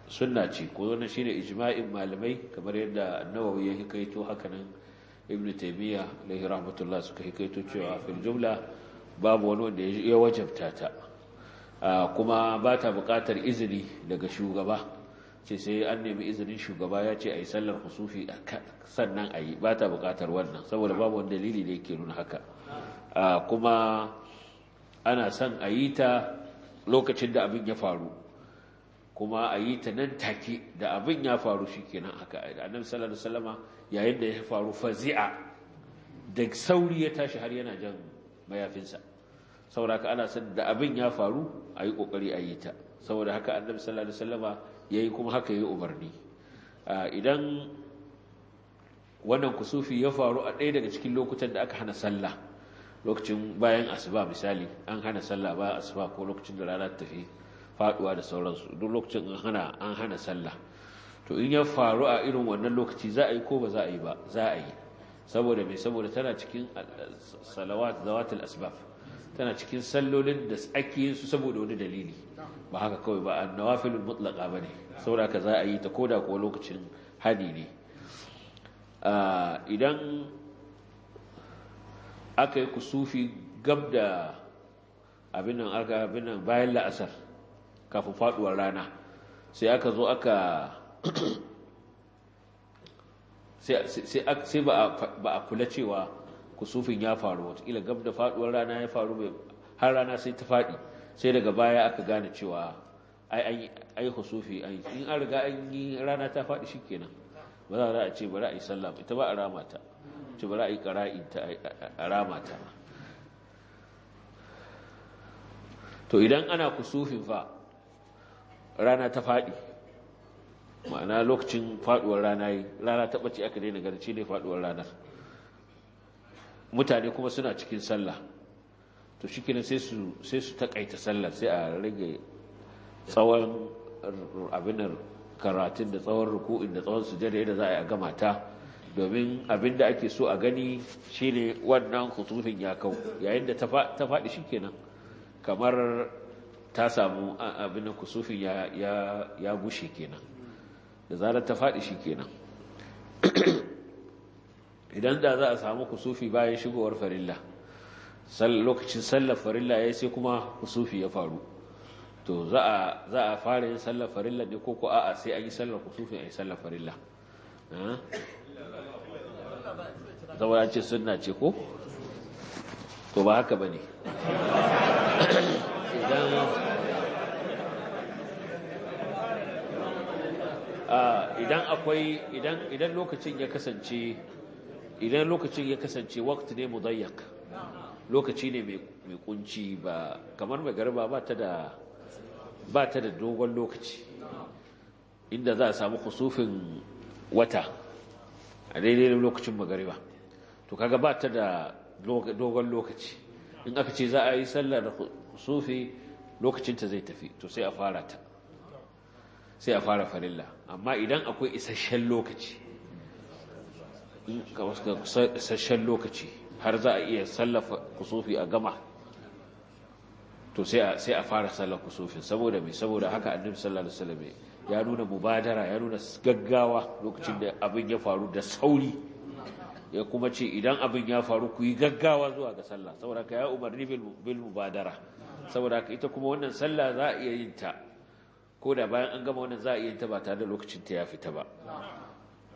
sunna ce ko wannan shine ijma'in malamai kamar yadda annawawi ya hikaito hakanan ibnu taymiya alaihi rahmatullah suka hikaito cewa a fil jumla babu wani wanda ya wajabta ta kuma ba ta buƙatar izini daga shugaba ce sai an nemi izinin shugaba ya ce a yi sallar husufi sannan a yi ba ta bukatar wannan saboda babu wani dalili da yake nuna haka kuma ana son a yi ta lokacin da abin ya faru kuma a yi ta nan take da abin ya faru shi kenan haka annabi sallallahu da salama yayin da ya faru fazi'a da sauri ya tashi har yana jan mayafinsa saboda ana son da abin ya faru a yi kokari a yi ta saboda haka annabi sallallahu alaihi wasallama ya yi kuma haka ya yi umarni idan wannan kusufi ya faru a ɗaya daga cikin lokutan da aka hana sallah lokacin bayan asuba misali an hana sallah ba asuba ko lokacin da rana ta tafi faduwa da sauransu duk lokacin an hana an hana sallah to in ya faru a irin wannan lokaci za a yi ko ba za a yi ba za a yi saboda mai saboda tana cikin salawat zawatul asbab tana cikin sallolin da ake yin su saboda wani dalili ba haka kawai ba an filin mutlaka ba ne saboda ka za a yi ta koda kuwa lokacin hadi ne idan aka yi kusufi gab da abin nan aka bayan la'asar kafin faduwar rana sai aka zo aka [clears throat] sai ba a kula cewa kusufin ya faru watakila gab da faduwar rana ya faru har rana sai ta faɗi sai daga baya aka gane cewa ai ai husufi ai in an riga an yi rana ta faɗi kenan, ba za a ce bari ra'ayi sallah ba ita ba a rama ta ce bari ra'ayi yi ta a rama ta to idan ana kusufin fa rana ta faɗi ma'ana lokacin faɗuwar rana yi rana ta ɓace aka daina ganin shi ne faɗuwar ranar mutane kuma suna cikin sallah to shi kenan sai su takaita sallar sai a rage tsawon abinan karatun da tsawon ruku'in da tsawon sujada yadda za a yi a gama ta domin abin da ake so a gani shi ne wannan kusufin ya kau yayin da ta faɗi shi kenan kamar ta samu abin kusufin ya gushe kenan da zarar ta faɗi shi kenan [coughs] idan da za a samu kusufi bayan shigowar farilla lokacin sallar farilla ya sai kuma kusufi ya faru to za a fara yin sallar farilla ne ko ko a'a sai an yi sallar kusufi a yi sallar farilla zama ya ce suna ce ko to ba haka ba ne [coughs] idan akwai idan lokacin ya kasance idan lokacin ya kasance wakt ne mudayyak lokaci ne mai kunci ba kamar mai ba ta da ba ta da dogon lokaci inda za a samu kusufin wata a daidai lokacin magariba to kaga ba ta da dogon lokaci in aka ce za a yi sallar da kusufi lokacinta zai tafi to sai a fara ta sai a fara farilla amma idan akwai isasshen lokaci isasshen lokaci har za a iya sallafa kusufi a gama to sai a fara sallan kusufin saboda mai saboda haka annabi sallallahu alaihi wasallam ya nuna mubadara ya nuna gaggawa lokacin da abin ya faru da sauri ya kuma ce idan abin ya faru ku yi gaggawa zuwa ga sallah saboda ka ya umarni bil mubadara saboda ka ita kuma wannan sallah za a iya yin ta ko da bayan an gama wannan za a iya yin ta ba tare da lokacin ta ya fita ba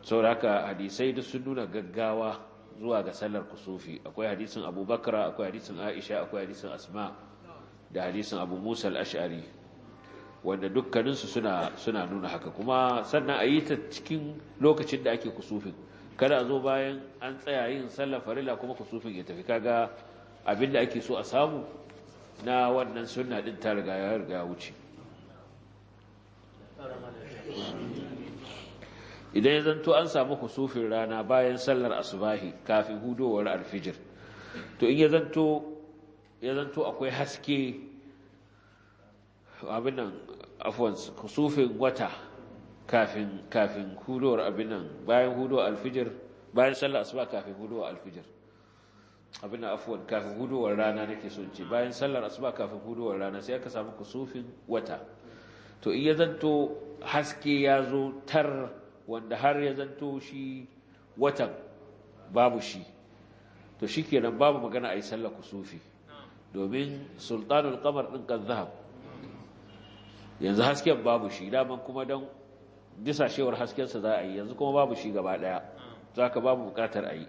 saboda ka hadisai da sun nuna gaggawa zuwa ga sallar kusufi akwai hadisin abu akwai hadisin aisha akwai hadisin asma da hadisin abu musa al'ashari wanda dukkaninsu suna suna nuna haka kuma sannan a yi ta cikin lokacin da ake kusufin kada a zo bayan an tsaya yin sallar farila kuma kusufin ya tafi kaga abinda ake so a samu na wannan sunna din ta riga ya wuce idan ya zanto an samu kusufin rana bayan sallar asubahi kafin hudowar alfijir to in ya zanto akwai haske abin nan afwan kusufin wata kafin hudowar abin nan bayan hudowar alfijir bayan sallar asuba kafin hudowar alfijir abin afuwan kafin hudowar rana nake son ce bayan sallar asuba kafin hudowar rana sai aka samu kusufin wata to in ya zanto haske ya zo tar wanda har ya zanto shi watan babu shi to shikenan babu magana a yi sallar kusufi domin sultanul kamar ɗin kan zahab yanzu hasken babu shi daman kuma don disashewar haskensa za a yi yanzu kuma babu shi gaba ɗaya za ka babu bukatar a yi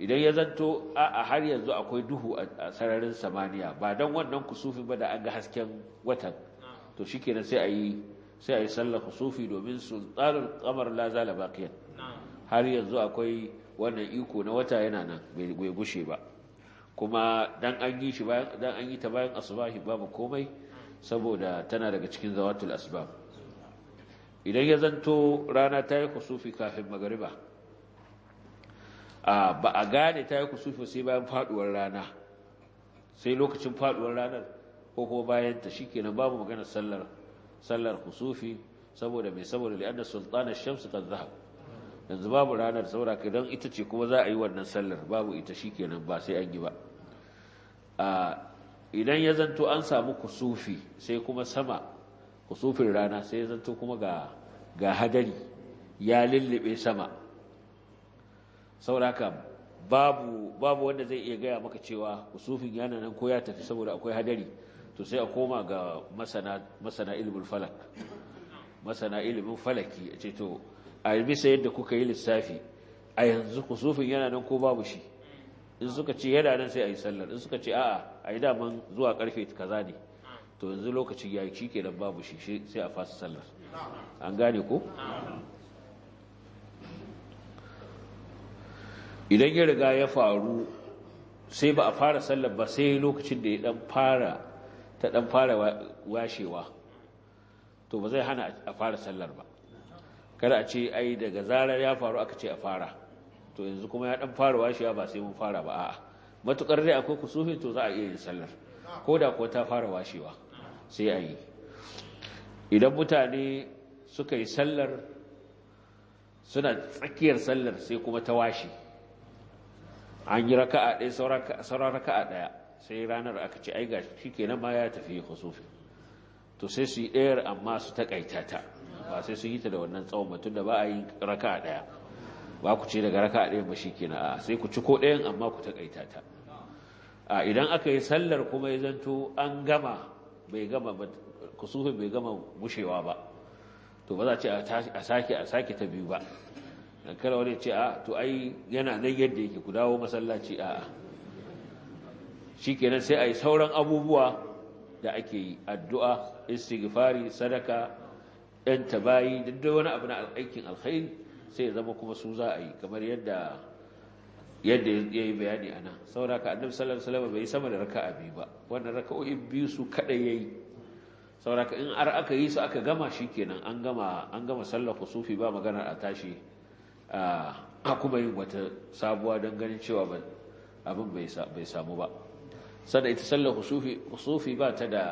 idan ya zanto a har yanzu akwai duhu a sararin samaniya ba don wannan kusufin ba da an ga hasken watan to shikenan sai a yi sai a yi sallar kusufi domin sultanin kamar la zala baqiyan har yanzu akwai wannan iko na wata yana nan bai gushe ba kuma dan an yi an yi ta bayan asubahi babu komai saboda tana daga cikin zawatul asbab idan ya zanto rana ta yi kusufi kafin magariba a ba a gane ta yi kusufi sai bayan faduwar rana sai lokacin faduwar ranar ko kuma bayan ta shikenan babu maganar sallar sallar kusufi saboda mai saboda li'adda sultanar shamsu kan zahab yanzu babu ranar saura ka don ita ce kuma za a yi wannan sallar babu ita shi kenan ba sai an yi ba idan ya zanto an samu kusufi sai kuma sama kusufin rana sai ya zanto kuma ga hadari ya lullube sama sauraka babu wanda zai iya gaya maka cewa kusufin yana nan ko ya tafi saboda akwai hadari to sai a koma ga masana ilimin falak masana ilimin falaki a ce to a bisa yadda kuka yi lissafi a yanzu kusufin yana nan ko babu shi in suka ce yana nan sai a yi sallar in suka ce a'a a yi daman zuwa karfe kaza ne to yanzu lokacin ya yi shi kenan babu shi sai a fasa sallar an gane ko idan ya riga ya faru sai ba a fara sallar ba sai lokacin da ya dan fara ta ɗan fara washewa to ba zai hana a fara sallar ba kada a ce ai daga zarar ya faru aka ce a fara to yanzu kuma ya ɗan fara washewa ba sai mun fara ba a'a matukar dai akwai kusufi to za a iya yin sallar ko da ko ta fara washewa sai a yi idan mutane suka yi sallar suna tsakiyar sallar sai kuma ta washe an yi raka'a ɗaya sauran raka'a ɗaya sai ranar aka ce ai gashi shikenan ma ya tafi khusufi to sai su yi ɗayar amma su takaita ta ba sai su yi ta da wannan tsawon tun da ba a yi raka ɗaya ba ku ce daga raka ɗaya ba shikenan a sai ku ci ko ɗayan amma ku takaita ta a idan aka yi sallar kuma ya zanto an gama bai gama kusufin bai gama mushewa ba to ba za a ce a sake a sake ta biyu ba dan kada wani ce a to ai yana nan yadda yake ku dawo masallaci a'a shi shikenan sai a yi sauran abubuwa da ake yi addu'a istighfari sadaka ɗan tabayi duk wani abu na aikin alkhairi sai ya zama kuma su za a yi kamar yadda yadda ya yi bayani a nan sauraka ka annabi sallallahu alaihi bai sama da raka'a biyu ba wannan raka'o'in biyu su kada yayi yi sauraka in ar aka yi su aka gama shikenan an gama an gama sallar kusufi ba magana a tashi a kuma yin wata sabuwa don ganin cewa abin bai samu ba Sana ita sallar husufi ba ta da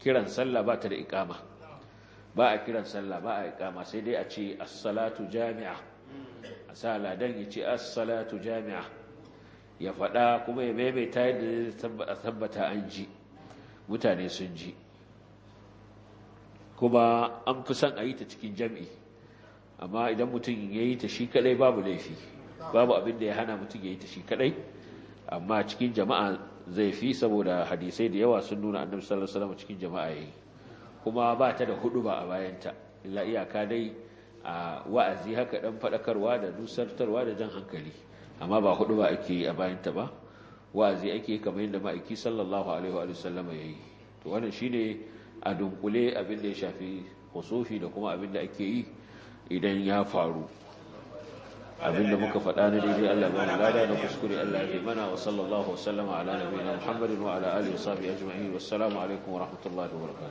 kiran sallah ba ta da ikama ba a kiran sallah ba a ikama sai dai a ce as-salatu jami'a a sala dan ya ce as jami'a ya faɗa kuma ya maimaita yadda zai tabbata an ji mutane sun ji kuma an fi son a yi ta cikin jam'i amma idan mutum ya yi ta shi kadai babu laifi babu abin da ya hana mutum ya yi ta shi kadai amma cikin jama'a Zaifi saboda hadisai da yawa sun nuna annabi sallallahu alaihi wasallam cikin jama'a yayi kuma ba ta da hudu ba a bayanta illa iyaka dai a wa'azi haka dan fadakarwa da dusartarwa da jan hankali amma ba hudu ba ake a bayanta ba wa'azi ake kamar yadda ma'aiki sallallahu alaihi wa yayi to wannan shine a dunkule abin da ya shafi husufi da kuma abin da ake yi idan ya faru abinda muka faɗa na daidai Allah ba mu lada da kuskure Allah ya mana wa sallallahu wa sallama ala nabiyina Muhammadin wa ala alihi wa sahbihi ajma'in wassalamu alaikum wa rahmatullahi wa barakatuh